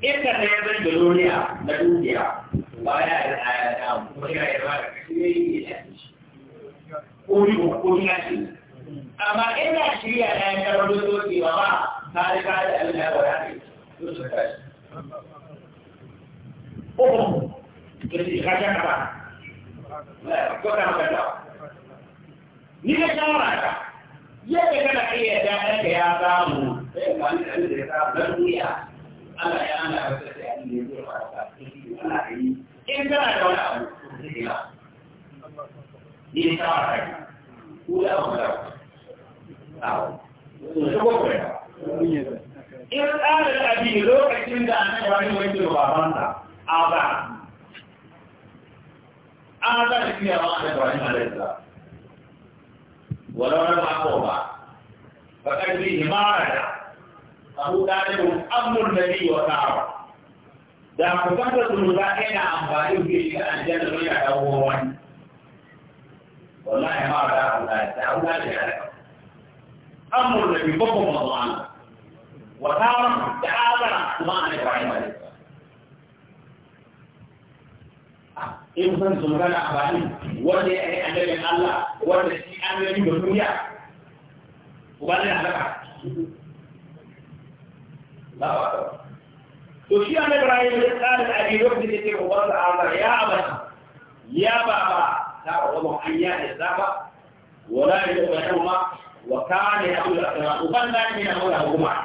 inda ta yi zai duniya na dukiya ba ya da tsaya da abu kuma ya yi ba da kashi ne yi da shi ko yi ko ko ya ce amma inda shirya na ya karɓar dokoki ba ba ta yi ka da abin da ya waya ne to su ka shi ko ko to shi ka ta kaba ko ka maka da ni da shawara ta yadda kana iya da ɗanka ya samu sai ka wani da ya samu na duniya Allah ya ana wata sai a ne ko ba ana yi in kana da wani abu ni ta ba ka ku da ku da awo to ko ko ya in tsara da abi lokacin da annabi wani wani da baban sa aza aza da kiyaye annabi wani alaihi salam ولو لم أقوم فقد به ما رجع abu ɗalibin amur da bi wa ta'awa da ku kanta zunuba ina amfani da shi an jana mai da dawo wani wallahi ma da abu da ta abu da ya amur da bi babban mazan wa ta'awa da azara kuma an ibrahim alaihi in san zunuba na amfani wanda ya yi annabin Allah wanda shi an yi da duniya ubangiji halaka لا أعلم أنا إبراهيم قال أبي وحدة يتير وبرد أعلم يا أبا يا بابا لا أعلم حيان الزابة ولا يؤمنهما وكان يقول الأسلام وبنى من أولهما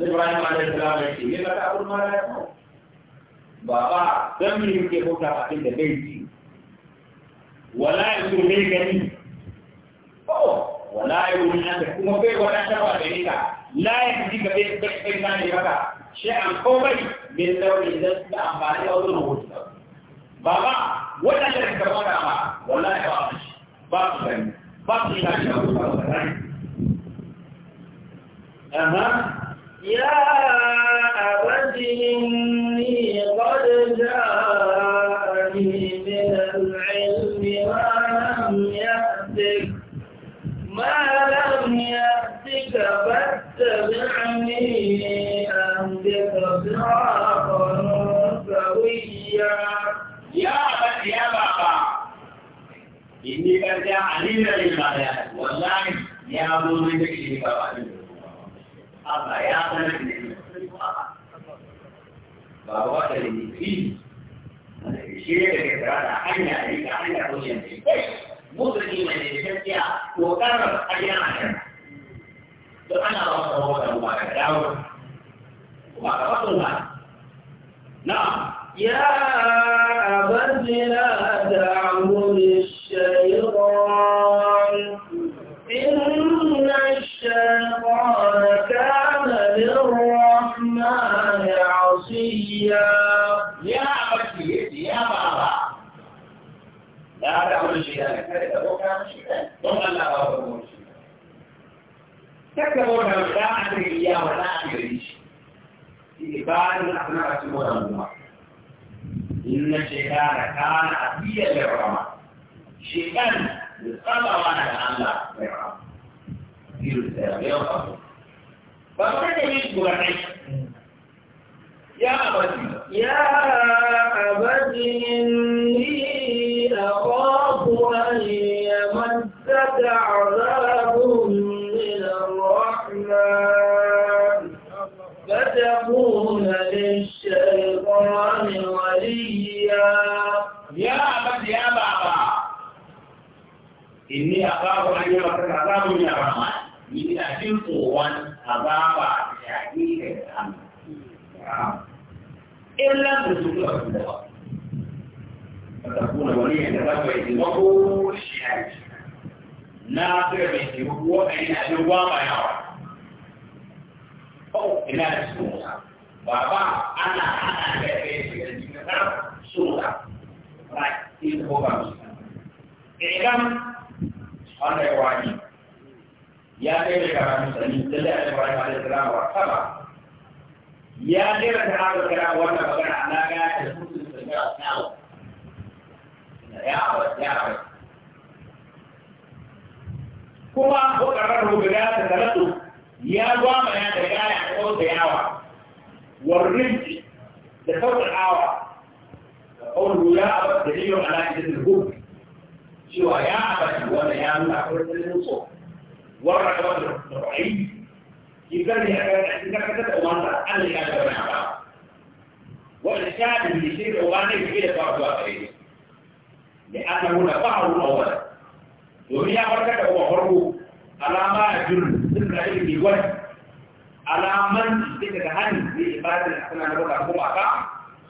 إبراهيم عليه السلام يقول لك أقول ما لا يقول بابا كم يمكن أن تفعل بيتي ولا يقول لي كريم أوه wala yumin anka kuma bai wadatarwa gare ka la yaji ka bai bai bai na ne maka shi an komai min launi da da amfani da wannan rubutu baba wannan da ka fara ma wallahi ba shi ba su gani ba su da shi ba su gani aha ya abadi inni qad ja'ani min al-ilmi ma lam ya'tik ما لم يأتك فاتبعني أهدك صراطا سويا يا بني يا بابا إني قد علينا للبيان والله يا أبو من تكشف أبا يا بني بابا كلمتين أنا بشيء كثرة عنا عليك عنا وجهك مدركي من الشمسية وقرب أجناء الشمس فأنا رفض رفض مبارك داود مبارك رفض مبارك نعم يا أبت لا تعبد الشيطان إن الشيطان كان للرحمن عصيا لا تعمل شيئا ثم لا تعمل شيئا تكتبون لا أدري إياه ولا أدري في بعض الأحناف تقول الله إن الشيطان كان عبيا للرحمة شيطان بالصلاة وأنا الله للرحمة في الإسلام يوم قبل فقد يجب أن يا أبتي يا inni azabu an yi masar azabu min rahman ni ina jin tsoron azaba shaƙi da rahman in lam tusuku da wasu dawa fatakuna wani yadda za ku yi taimako shi haji na tsira mai taimako waɗanda na jin gwama yawa ina da tsoron baba ana hana da ya kai shiga jikin har tsoron ba ɗin ko ba su idan wanda ya wani ya kai da karatu sani da da Ibrahim alaihi salam wa saba ya dira ta haka kira wannan magana alaka da sunan sunna nawo ya ba ya ba kuma ko karar rubuga ta karatu ya gwama ya da gaya ko da yawa warrinci da sauƙin awa da ƙaunar ya abu da jiyon alaƙin da hukum cewa ya abadi wanda ya nuna kurkurin so warra da wanda da ra'ayi ki gani a kan cikin karkatar da wanda Allah ya gaba na ba wanda shaɗin da shi da wani ke da ba zuwa gare da an nuna ba a ruwa wani domin ya farka da uwa farko alama ya jiru sun da ilimi wani alaman da daga hannu zai ibadar da suna da wuka kuma ka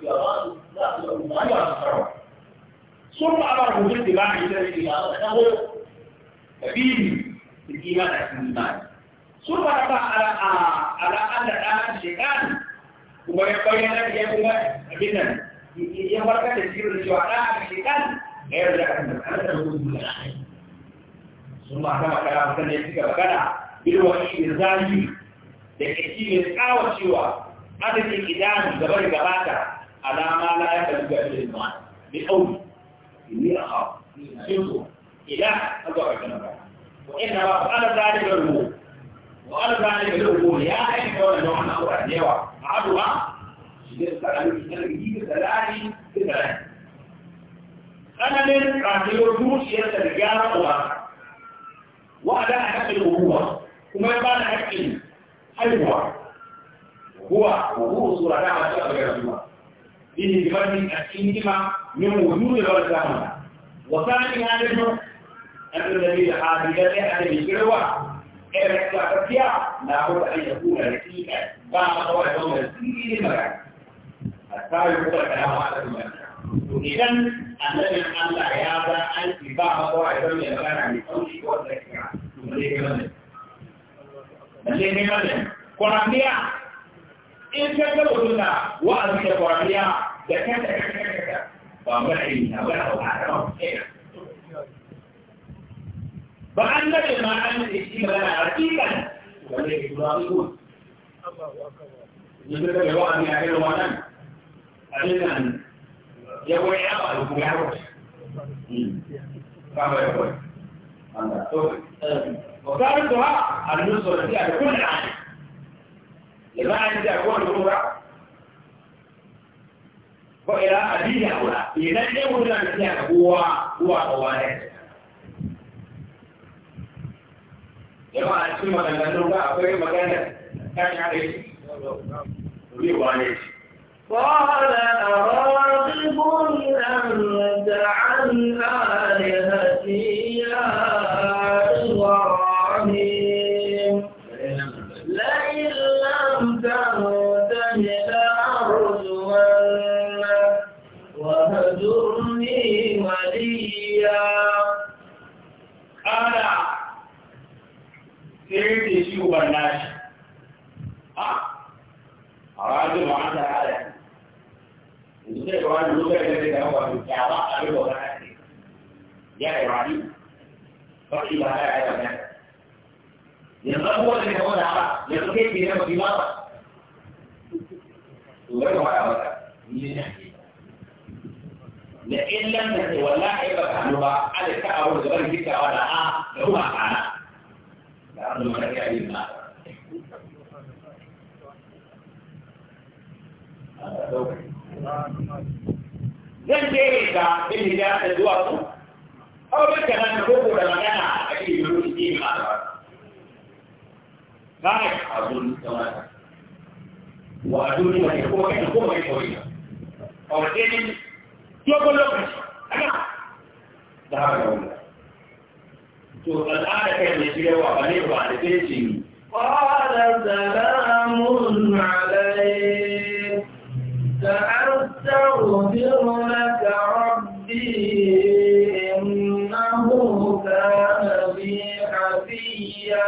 yawa za su yi ثم أمره بالاتباع لله إلى ففيه الإيمان أحسن الإيمان ثم رفع على على أن الآن شيئان ويبين لك يا أبدا يمرك تسير الشهداء شيئان غير ذلك أنا تقول من الآخر ثم أحكم كلام سنة يسيك وكلا بالوحيد الزاني لكي يسعى وشيوى هذا الإدام جبر جباتا على ما لا يبلغ إلى الإيمان بقوله إني أخاف ينسوا إلى أدعو الجنة وإنما فعل ذلك الأمور وقال ذلك الأمور يا أخي قول أنه أنا أقول أدعوة عدوة شديد سلامي سلامي جيد سلامي سلامي أنا من قاتل الجوش يترجع الله وأداء حق الأبوة وما يبان حق الحلوة هو وهو صورة نعمة الله للبرد الكينما من وجود البرد وثاني هذا أن الذي حاضر أن يجروا إذا كفتيا لابد أن يكون رقيقا بعد وعدهم الكيل مكان حتى يقول كلام هذا المكان إذا الذي أن لا يابا أن بعد وعدهم المكان عن الأول والرقيقا لكن لكن كونامبيا in ka ga sunna wa'azi da kwariya da kanta kanta ba mai na wala wala ba an nabe ma an shi magana hakikan wanda ke turabi ko yanzu daga wa'azi a kai wannan abin nan ya koyi ya ba ku ya ko ba ba ya ko an da to وكانت دعاء النصرة على كل عالم إذا أنت أقول الأمرة وإلى أبيه هؤلاء إذا لم يكن هو هو أقول كان قال أراغب أنت عن آلهتي يوبر ناش آه أراد ما أنت هذا يوسف كمان يوسف كذا كذا هو جاوا أبي هو كذا يا إبراهيم فكيف هذا هذا yanzu abubuwan da kawai da haka yanzu kai ke yamma kima ba to gaba ya maka ni ne da in lam ta ce wallahi ba ka ba alaka abu da ban kika wa da a da kuma kana أرض ملك أي الماء zan je ga bin da ta zuwa su aw da kana ko ko da magana a cikin lokaci ma ba a zuwa tsawata wa aduni ma ko kai ko mai koyi aw da ni yo ko lokaci ana da haka to al'ada kai ne shiryawa ba ne ba da sai ce ni qala salamun alayk sa'astaghfiru laka rabbi innahu kana bi hafiya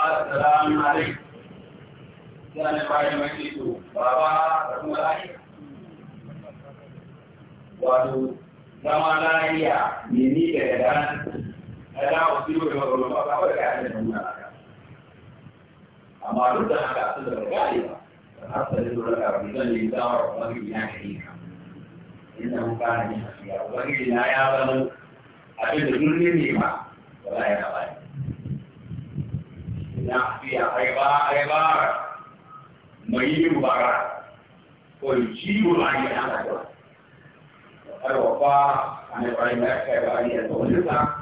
assalamu alaykum dan bayan mai to baba wato zama lafiya ne ni daga amma duk da haka su da gari ba har sai su raka bi zan yi dawo wani ina ka yi ka inda mun kana ni hasiya wani ina ya zama abin da duk ne ba wala ya ba ina hasiya ai ba ai ba mai yi bara ko ciwo ba ni ana ba har wa fa an yi ba ni ka ba ni ya to ne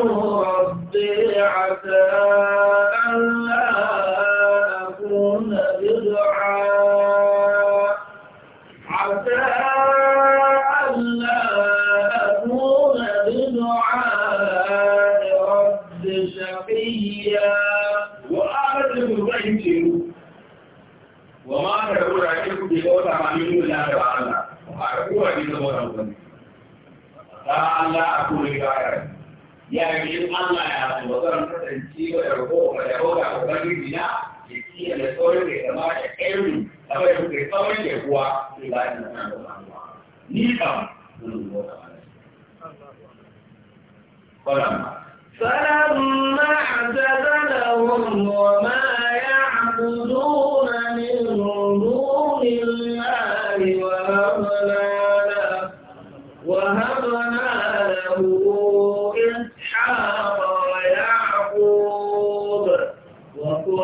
عنه ربي عسى ألا أكون بدعاء عسى ألا أكون بدعاء رب شقيا وآمنت بإبراهيم وما تقول عليكم بقول عمامين الله تعالى وحرقوا عليكم الله تعالى أكون يعني الله ya رب وزرنا تنسي ويرغو ويرغو ويرغو jiki da sauran da ya zama da ƙarfi a bai da sauran da kuwa sai ba ni na da ni kam zan zo da wani فلما اعتزلهم وما يعبدون من دون الله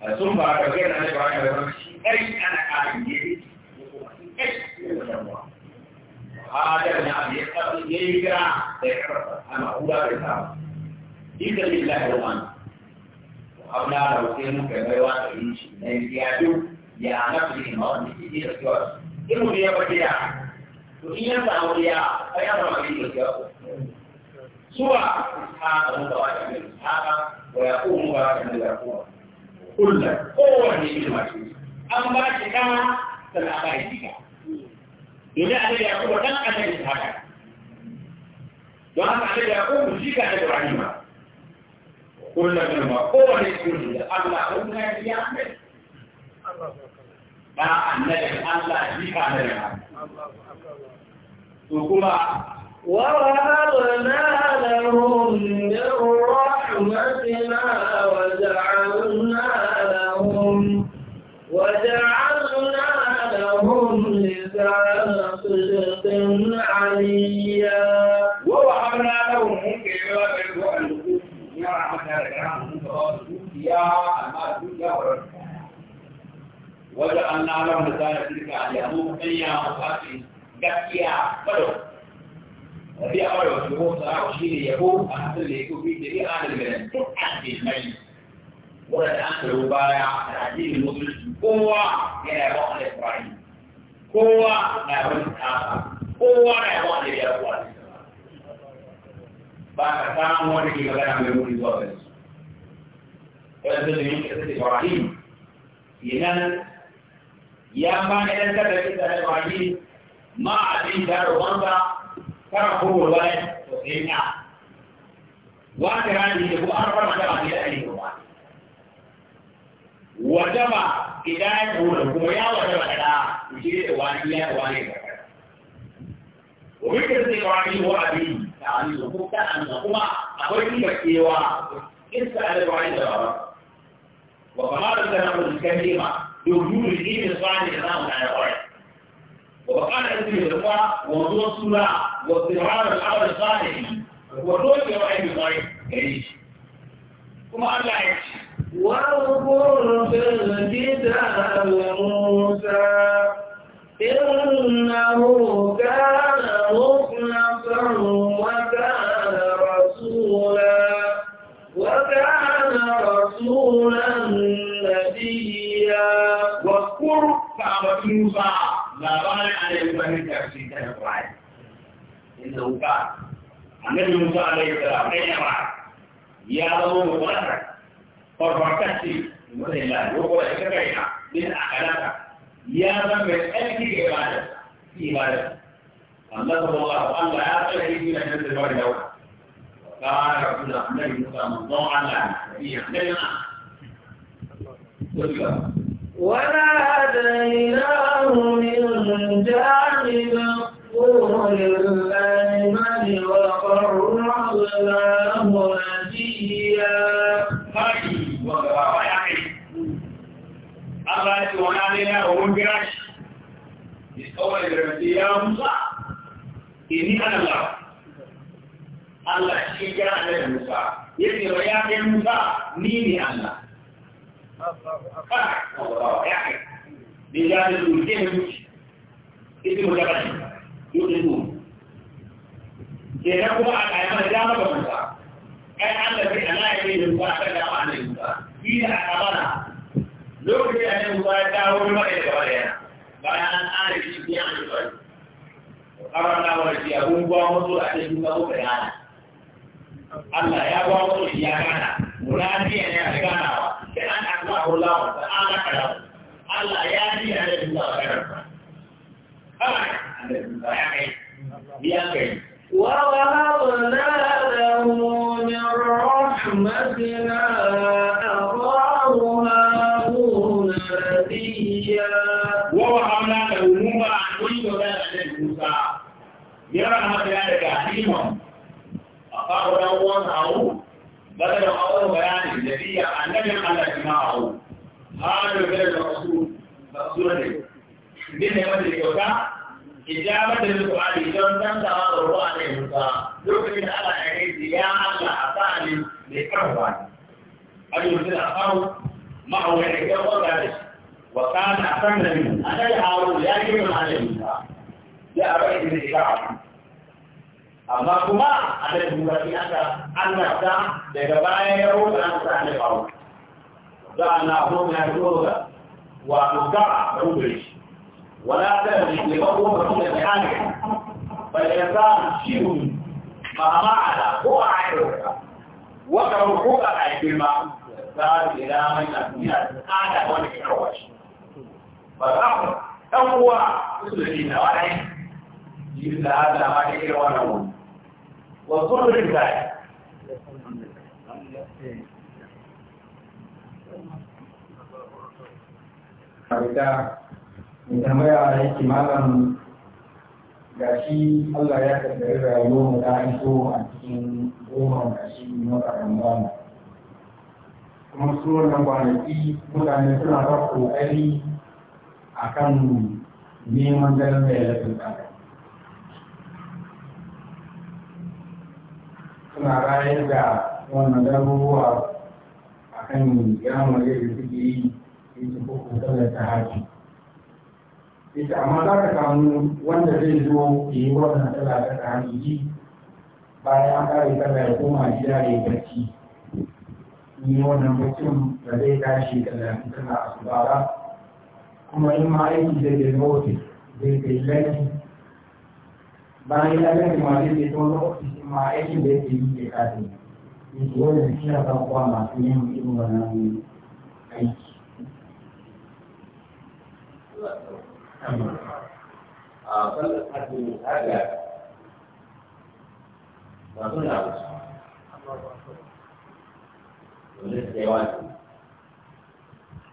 sun ba ka gina ne ba ka zama shi kai ana ƙarin ne هذا من أبي قبل يجرى ذكر المعقولة بالكعبة إذا لله الآن وقبل لو كانوا كبيرات يمشي يجيادوا يا نفسي ما نسيتي الكواس إنه بيا هذا متواجد ويقوم ويقوم kulla kowane hidima ce an ba shi ɗa sannan a ba shi ɗiga domin a daga yaƙuba ɗan annabi ta haka don haka a daga yaƙuba shi ka da ibrahima kulla kalma kowane hidima da allah ko kuma ya mai ba annabi allah shi ka da ibrahima to kuma ووهبنا لهم من رحمتنا وجعلنا عليا ووهبنا له منك وبالقوة الكل يا رحمة يا أمات وجعلنا له نساء تلك عليها مؤمنيا وفاتي gaskiya karo wani a wadda wasu hoto a wasu ne yabo a hatar da ya kofi da ya ana da duk ake mai wadda an karo baya a addinin musulunci kowa yana yabon alifari kowa na yabon tsara kowa na yawa da ya kuwa ba ka samu wanda ke magana mai wuri zuwa gari wanda zai yi kasar ibrahim kenan ya ba ni ɗan kada ki da ibrahim ma abin da ruwansa kara kowa wani to sai na wata rani da ko an fara da ba da ainihin ba wajaba idan ya kuma ya wajaba da da shi da wani ya wani da ومثل ذي وعيه وأبيه يعني سبوك أنهما أخوين بكيوا إنسى ألف عيد وكما ذكر من الكلمة يوجد الدين الصالح نام على الأرض وقال ابن الرفاع وضوء الصلاة واضطرار الأرض الصالح وضوء يوعي بغير كريش كما الله يكشف واذكر في الكتاب موسى إنه كان وكان رسولا وكان رسولا نبيا واذكر كعبة موسى لا بال عليه فهم تفسير القرآن إنه كان النبي موسى عليه السلام بينما يا رسول الله فرفتشي مثل الله وهو يتبعها من أحلامها يا من من أجل annabi sallallahu alaihi wasallam ya tsare shi ne da bari da wani kana rabbuna annabi Musa manzon Allah ya annabi na وناديناه من جانب الطور الأيمن وقربناه نجيا. هاي وقرا يا أخي. الله يسوعنا لنا ومن قراش. يسوع يا موسى. إني أنا الله الله شجع على موسى يبي رياض موسى ميني الله الله يعني بجانب الوجه اسمه جبل يقلبون kenan kuma a kayan da dama ba musa kai an da sai ana yi da musa a kan dama ana yi musa shi da a kamana lokacin da ne musa ya dawo wani mai da gaba da yana bayan an tsara shi biyan da أمرنا ورشي أبون قوى مطول أتجون أبو فرعانا الله يا قوى مطول يا كانا منادي أن يأتكانا كأن أكبره الله تعالى كلام الله يا دي أن الله كلام ووهبنا له من رحمتنا أراه هارون نبيا yawan haka ya daga haliman a faru dan uwan awu bada da awon bayani da biya annabin Allah shi ma awu halin da da wasu masu ne bin da wanda kyauta ijabar da su ali don tantawa da ruwa ne musa lokacin da Allah ya yi ya Allah a sa'ali mai karfa abin da a faru ma'auya da kyau wanda da shi wa kana a san da min a dai haru ya yi min halin musa ya arba'in da shiga amma kuma a da tumurati aka annabta daga bayan ya rota an sa ne bawo za a na kuma ya rota wato gaba da rubiri wala ta da ke ba ko ba da hali bal yasa shi ma ma ala ko a ayyuka wa ka rukuka a girma za su ila mai tafiya ta da wani kawashi ba za ku ɗan uwa su da shi na wani jin da Allah ma da irin wannan wani wasu wa kullun kai Abita, mai tambaya yake malam ga shi Allah ya kaddari rayuwar mu ta iso a cikin goma ga shi mata ramadan kuma su wannan kwanaki mutane suna ta a kan neman ganin da ya lafi tsada suna rayar da wannan garuruwa a kan yamare da suke yi su ko kusurar ta haji ita amma za ka samu wanda zai zo yi wannan sallah ta tahajjudi bayan an kare sallah ya koma gida ya bacci ni wannan mutum da zai tashi da lafiya a su ba. kuma in ma aiki da zai zai kai laifi bayan ya gani masu ke tono ofishin ma aikin da yake yi ke kafin yake wanda su shirya kan kuwa masu yin irin wannan aiki. A kallon hajji haga ba su na wuce. Wanda su yi wajibi.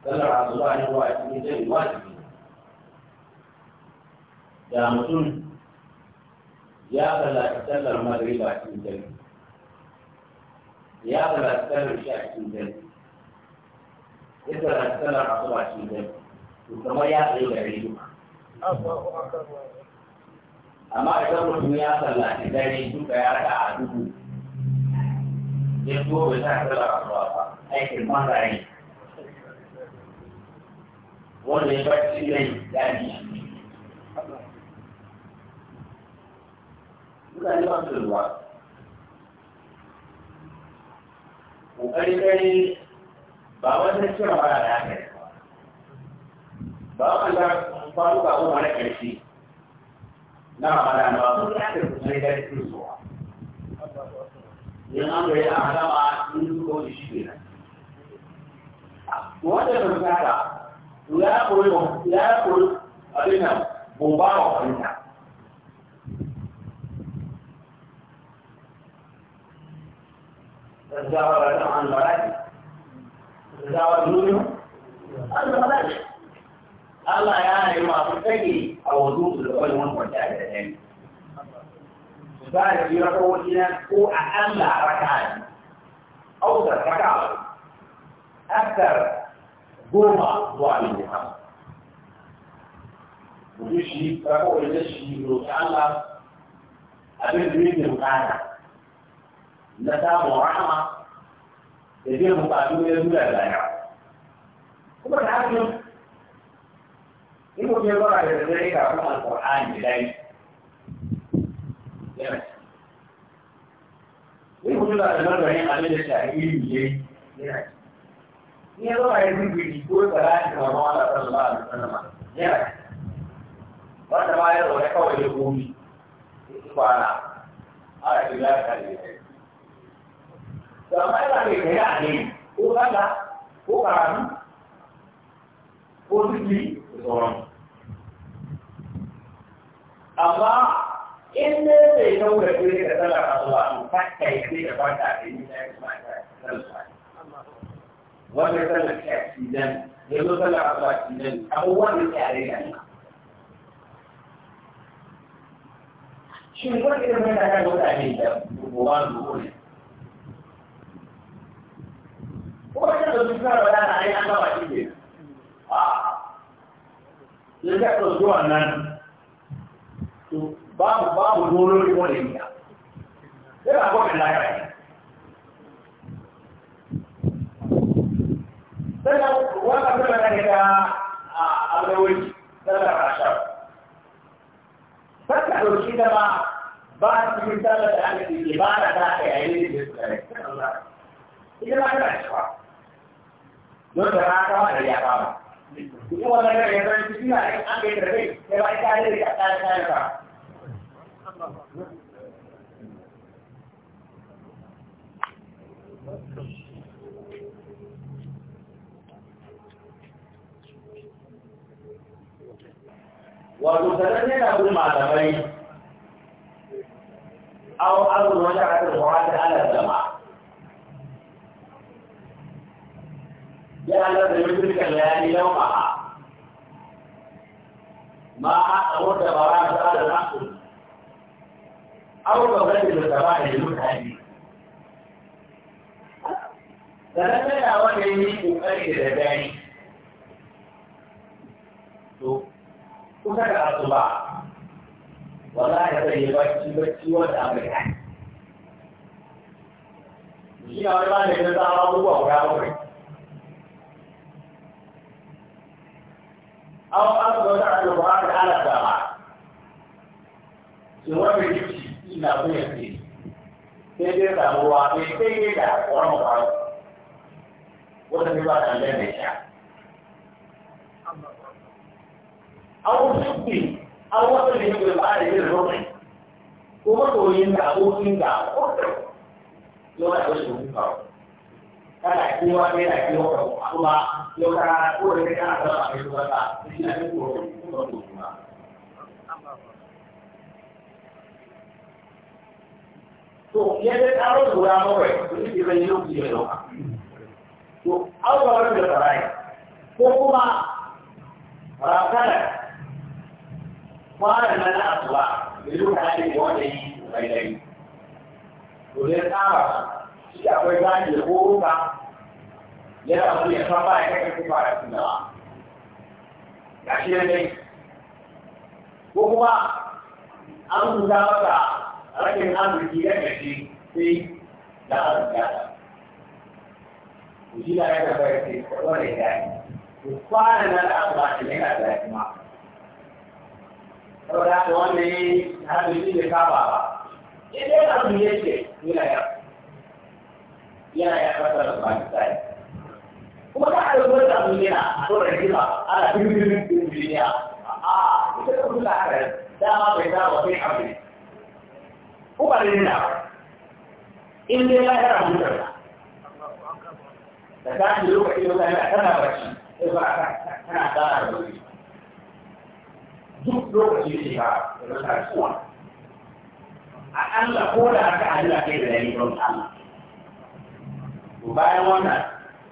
Sallar azuwa ne wa a cikin jari wajibi. Da mutum ya falaci sallar magriba cikin dare ya falaci sallar sha cikin dare ya falaci sallar asuba cikin dare to kamar ya tsaye da rigima amma idan mutum ya sallaci dare duka ya ta a dubu ya zo bai sa sallar asuba ba aikin mara ne wanda ya bar cikin ya ji shi suna yawan sulwa ƙoƙari kai ba wanda cewa ba da haka ba wanda faru ba kuma na ƙarshe na ramada na ba sun yaka kusurai da rikin zuwa yin an gari a halama sun zuwa da shi ne wanda sun tsara ya koyi abin nan bomba wa kwanta تتجاور عن المراكب تتجاور منهم المراكب الله يعني ما تتجي أو وجود الأول والمرتاح الثاني فقال في ركوعنا هو أقل ركعة أوسط ركعة أكثر قوة ظالمة ويشي ركوع الشيء يقول الله أبدا يريد القاعدة na samun rahama da biyan bukatu na zuwa zaya kuma da hakan in mutum ya zara da ka kuma alƙur'ani da dai in mutum da albarbarin abin da shafi ilimi ne yana in ya zara ya dị ko ya tsara shi kamar wanda sallallahu alaihi wasallam yana ma ya zaune kawai ya gomi Sama lah ni kaya ni. Bukan lah. Bukan. Posisi seorang. Apa in bai kaura ce da sallar Allah ta kai sai da fata da ni da kuma ta sallar wanda sallar ta cidan ya zo sallar Allah cidan abubuwan da ke a rai nan shin ko idan mai da kan mutane da rubuwan rubuwan kuma ka da zuwa da na ai an gaba shi ne a sai ka da zuwa nan to babu babu dole ne wannan ya sai ba ko da lafiya sai da wannan da kake da a abawai sai da rasha فتح الشيء مع بعض من ثلاث عن الإبارة ذاك يعني إذا ما كان أشخاص don da na kawo da ya ba kuma wannan da ya zan cikin na an kai da kai sai ba ita da ya tsaya tsaya ba wato sanar yana bin malamai au azumin sha'atar wata ala jama'a جعل من تلك الليالي يومها ما أود براءة هذا العقل أو قبل بالتباع للمتعب فلما لا وجهي أؤكد ذلك kusa da asuba wala ya zai yi bacci bacci wanda an bai shi na wani ba da ya zama abubuwa guda bakwai أو أرض على القرآن على السماء سواء يجي إلى بيته كيف هو كيف هو القرآن وتبقى عند النشاء أو شبه أو وصل يجب الآن إلى الربع ومتوين أبوه من دعوة لو أحوشه من قرآن kana kiwa ne na kiwa ka kuma yau ka ko da kana da ba ka ba ka shi na ko ko kuma to ya da taro gura mawai kun ji ban yau ki yau to awwalin da farai ko kuma rakana fara mana asuwa da yau ka ne wanda yi bai dai to ne tsara shi akwai gani da ko ka يا أبو يخطى يكفي كفارة الله عشان ليه وهو an guda masa rashin arziki da kashe sai da arziki ku shi da ya tafi ya ce kwarar da ya ku kwana na da abuwa shi yana da ya ma saboda haka wanda ya yi arziki da kaba ba idan abu ya ce yana ya yana ya fasa da ba misali kuma za a yi wani abu ne a tsoron gina ana birbirin duniya a ita ta kula a rai dama bai dama sai abu ne kuma ne na in dai lahira mutar da ta ce lokacin da lahira tana barci sai ba tana tsara da wuri duk lokacin da ya da ta suwa a Allah ko da aka Allah kai da yayi don Allah bayan wannan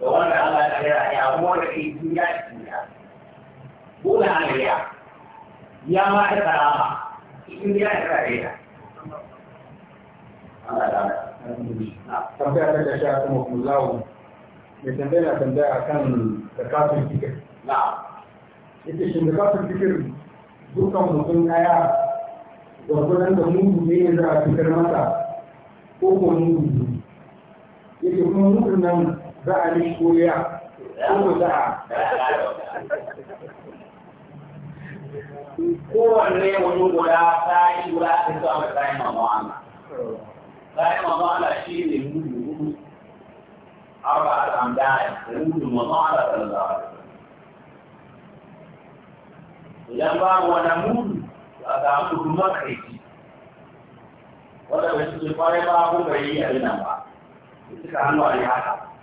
وأنا على الأعياء أمور في الدنيا الدنيا بولا عليها يا ما إكرامة الدنيا إكرامية tambaya ta gashi a kuma kulawo mai tambaya na tambaya a kan zakatun fikir ita shi zakatun fikir dukkan mutum daya gwargwadon da mutu ne za a fitar masa ko ko mutu yake kuma mutu nan za a ni koya kuma za a kowanne wani guda sa'i guda a cikin samun sa'i mamu ana sa'i mamu ana shi ne mudu hudu arba a tamdaya da mudu mamu ana sallallahu idan ba mu wani mudu a samu kudu makaici wanda bai su kwarai ba kuma yi a nan ba suka hannu a yi haka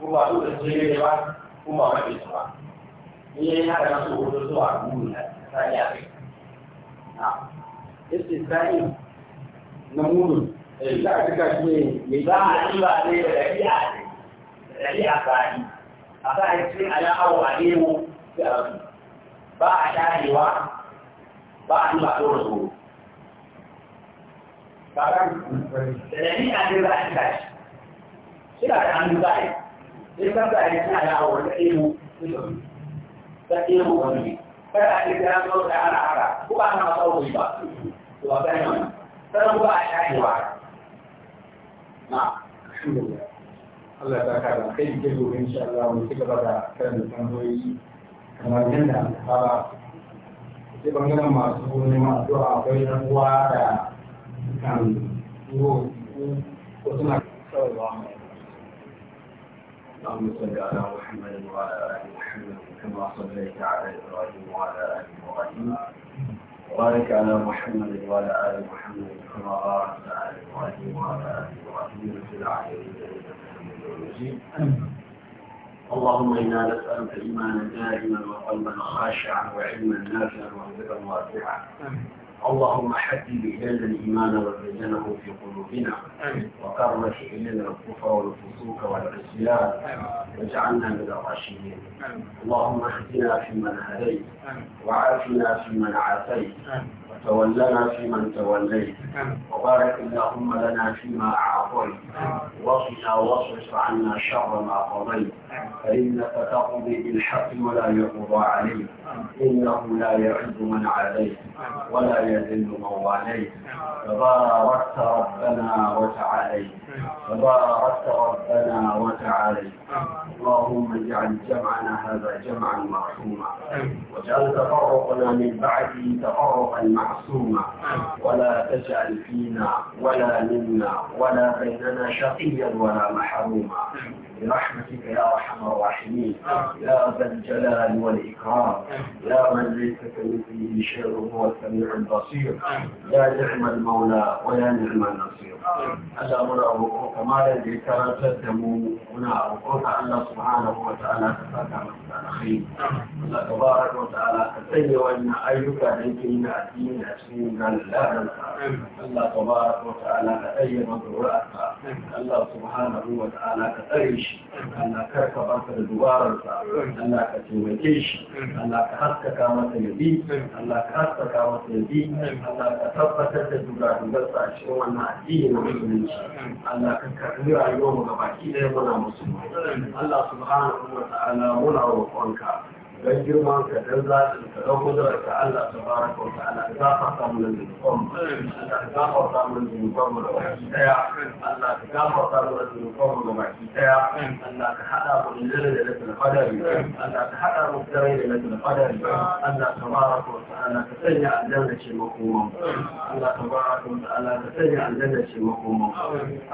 kuma a su da jere ba kuma ba wani su ba in yayi haka na so wato zuwa gudu na tsari a kai na isi istisani na mudu eh, za a cika shi ne mai za a yi ba ne da dabi'a ne da dabi'a tsari a sa yi cikin ala'awo a nemo da abu ba a sharewa ba a yi ba a ɗora tsoro kakan da dabi'a ne za a cika shi suna da hannu za a yi in ba ka yi tana da awon da ihu da wani a da ana ko ba ana na Allah ke da masu akwai ɗan uwa da kan ko na kawai ba mai اللهم صل على محمد وعلى ال محمد كما صليت على ابراهيم وعلى ال ابراهيم وبارك على محمد وعلى ال محمد كما باركت على ابراهيم وعلى ال ابراهيم في العالمين انك حميد مجيد اللهم انا نسالك ايمانا دائما وقلبا خاشعا وعلما نافعا وذكرا واسعا امين اللهم حدد إلينا الإيمان وزينه في قلوبنا وكره إلينا الكفر والفسوق والعصيان واجعلنا من الراشدين اللهم اهدنا فيمن هديت وعافنا فيمن عافيت وتولنا فيمن توليت نعم. وبارك اللهم لنا فيما أعطيت وقنا واصرف عنا شر ما قضيت فإنك تقضي بالحق ولا يقضى عليك إنه لا يعز من عليك ولا يذل من واليت تباركت ربنا وتعاليت تباركت ربنا وتعاليت اللهم اجعل جمعنا هذا جمعا مرحوما واجعل تفرقنا من بعده تفرقا معصوما ولا تجعل فينا ولا منا ولا بيننا شقيا ولا محروما برحمتك يا أرحم الراحمين يا ذا الجلال والإكرام يا من ليس كمثله شيء هو السميع البصير يا نعم المولى ويا نعم النصير ألا منى أبوك ما الذي ترددموا هنا أبوك الله سبحانه وتعالى كفاك على خير الله تبارك وتعالى كفي وإن أيك عليكين أتين أسين لا ننسى الله تبارك وتعالى تسير ذرأتك الله سبحانه وتعالى تسير shi ana kar ka baka da dubararsa Allah ka taimake shi ana ka haskaka masa yabi ana ka haskaka masa yabi ana ka tabbatar da dubararsa a cikin wannan addini na musulunci ana ka karbi rayuwar mu ɗaya muna musulmi Allah subhanahu wa ta'ala muna roƙonka don girma ka dan za ka dan gudunar ka Allah ta bara ko ta Allah ta farka mu da zuwan Allah ta farka mu da zuwan mu da baki daya Allah ta farka mu da zuwan mu da baki daya Allah ta hada mu da lalatul qadari Allah ta hada mu da lalatul qadari Allah ta bara ko ta Allah ta sanya aljanna ce makoma Allah ta bara ko ta Allah ta sanya aljanna ce makoma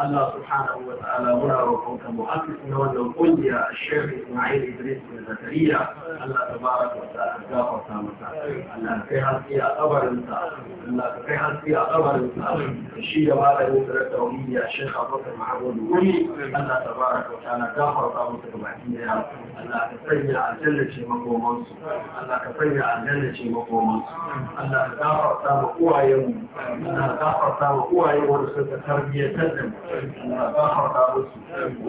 Allah subhanahu wa ta'ala muna roƙon ka mu'assisi na wannan kungiya Sheikh Ismail Idris Zakariya Allah tabaraka wa ta'ala ka gafarta masa Allah ka kai haske a kabarin sa Allah ka kai haske a kabarin sa shi da malamin da tauhidi ya Sheikh Abubakar Mahmud Gumi Allah tabaraka wa ta'ala gafarta masa da baki daya Allah ka sanya aljanna ce makoman su Allah ka sanya aljanna ce makoman su Allah ka gafarta ma uwayen mu Allah ka gafarta ma uwayen wanda suka tarbiyyatar da mu Allah ka gafarta musu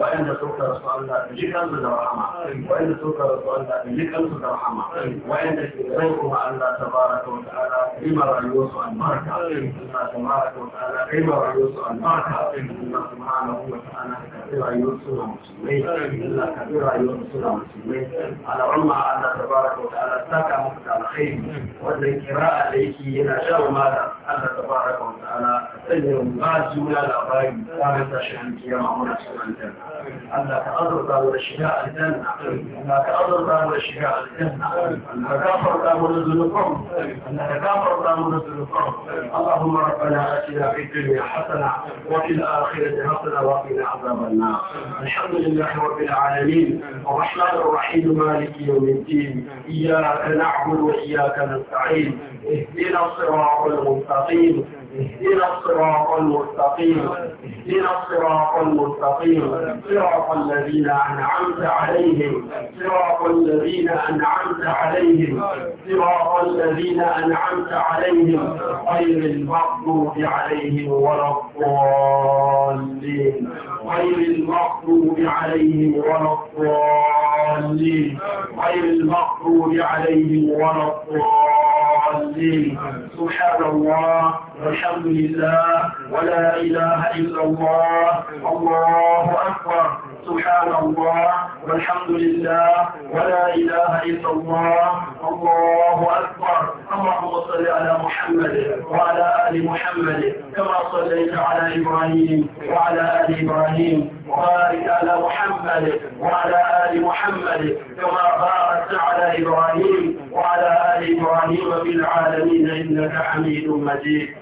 wa'anda suka rasu Allah ka ji kansu da rahama wa'anda suka rasu Allah ka ji kansu يوسف رحمة وإن غيرها الله تبارك وتعالى عمر يوسف البركة الله تبارك وتعالى عمر يوسف البركة الله سبحانه وتعالى كثير يوسف المسلمين الله كثير يوسف المسلمين على رمى الله تبارك وتعالى ساكا مقتل الخير والذكراء عليك إلى شر ماذا الله تبارك وتعالى سير ما زول الأبائي لا تشهد كيما مرسل الجنة الله تأذر دار الشفاء الجنة الله تأذر دار الشفاء أن تكافر أمر ذنوبهم أن تكافر اللهم ربنا آتنا في الدنيا حسنة وفي الآخرة حسنة وقنا عذاب النار الحمد لله رب العالمين الرحمن الرحيم مالك يوم الدين إياك نعبد وإياك نستعين اهدنا الصراط المستقيم اهدنا الصراط المستقيم اهدنا الصراط المستقيم صراط الذين أنعمت عليهم صراط الذين أنعمت عليهم صراط الذين أنعمت عليهم غير المغضوب عليهم ولا الضالين غير المغضوب عليهم ولا الضالين غير المغضوب عليهم ولا الضالين سبحان الله والحمد لله ولا إله إلا الله الله أكبر سبحان الله والحمد لله ولا إله إلا الله الله أكبر اللهم صل على محمد وعلى آل محمد كما صليت على إبراهيم وعلى آل إبراهيم وبارك على محمد وعلى آل محمد كما باركت على إبراهيم وعلى آل إبراهيم في العالمين إنك حميد مجيد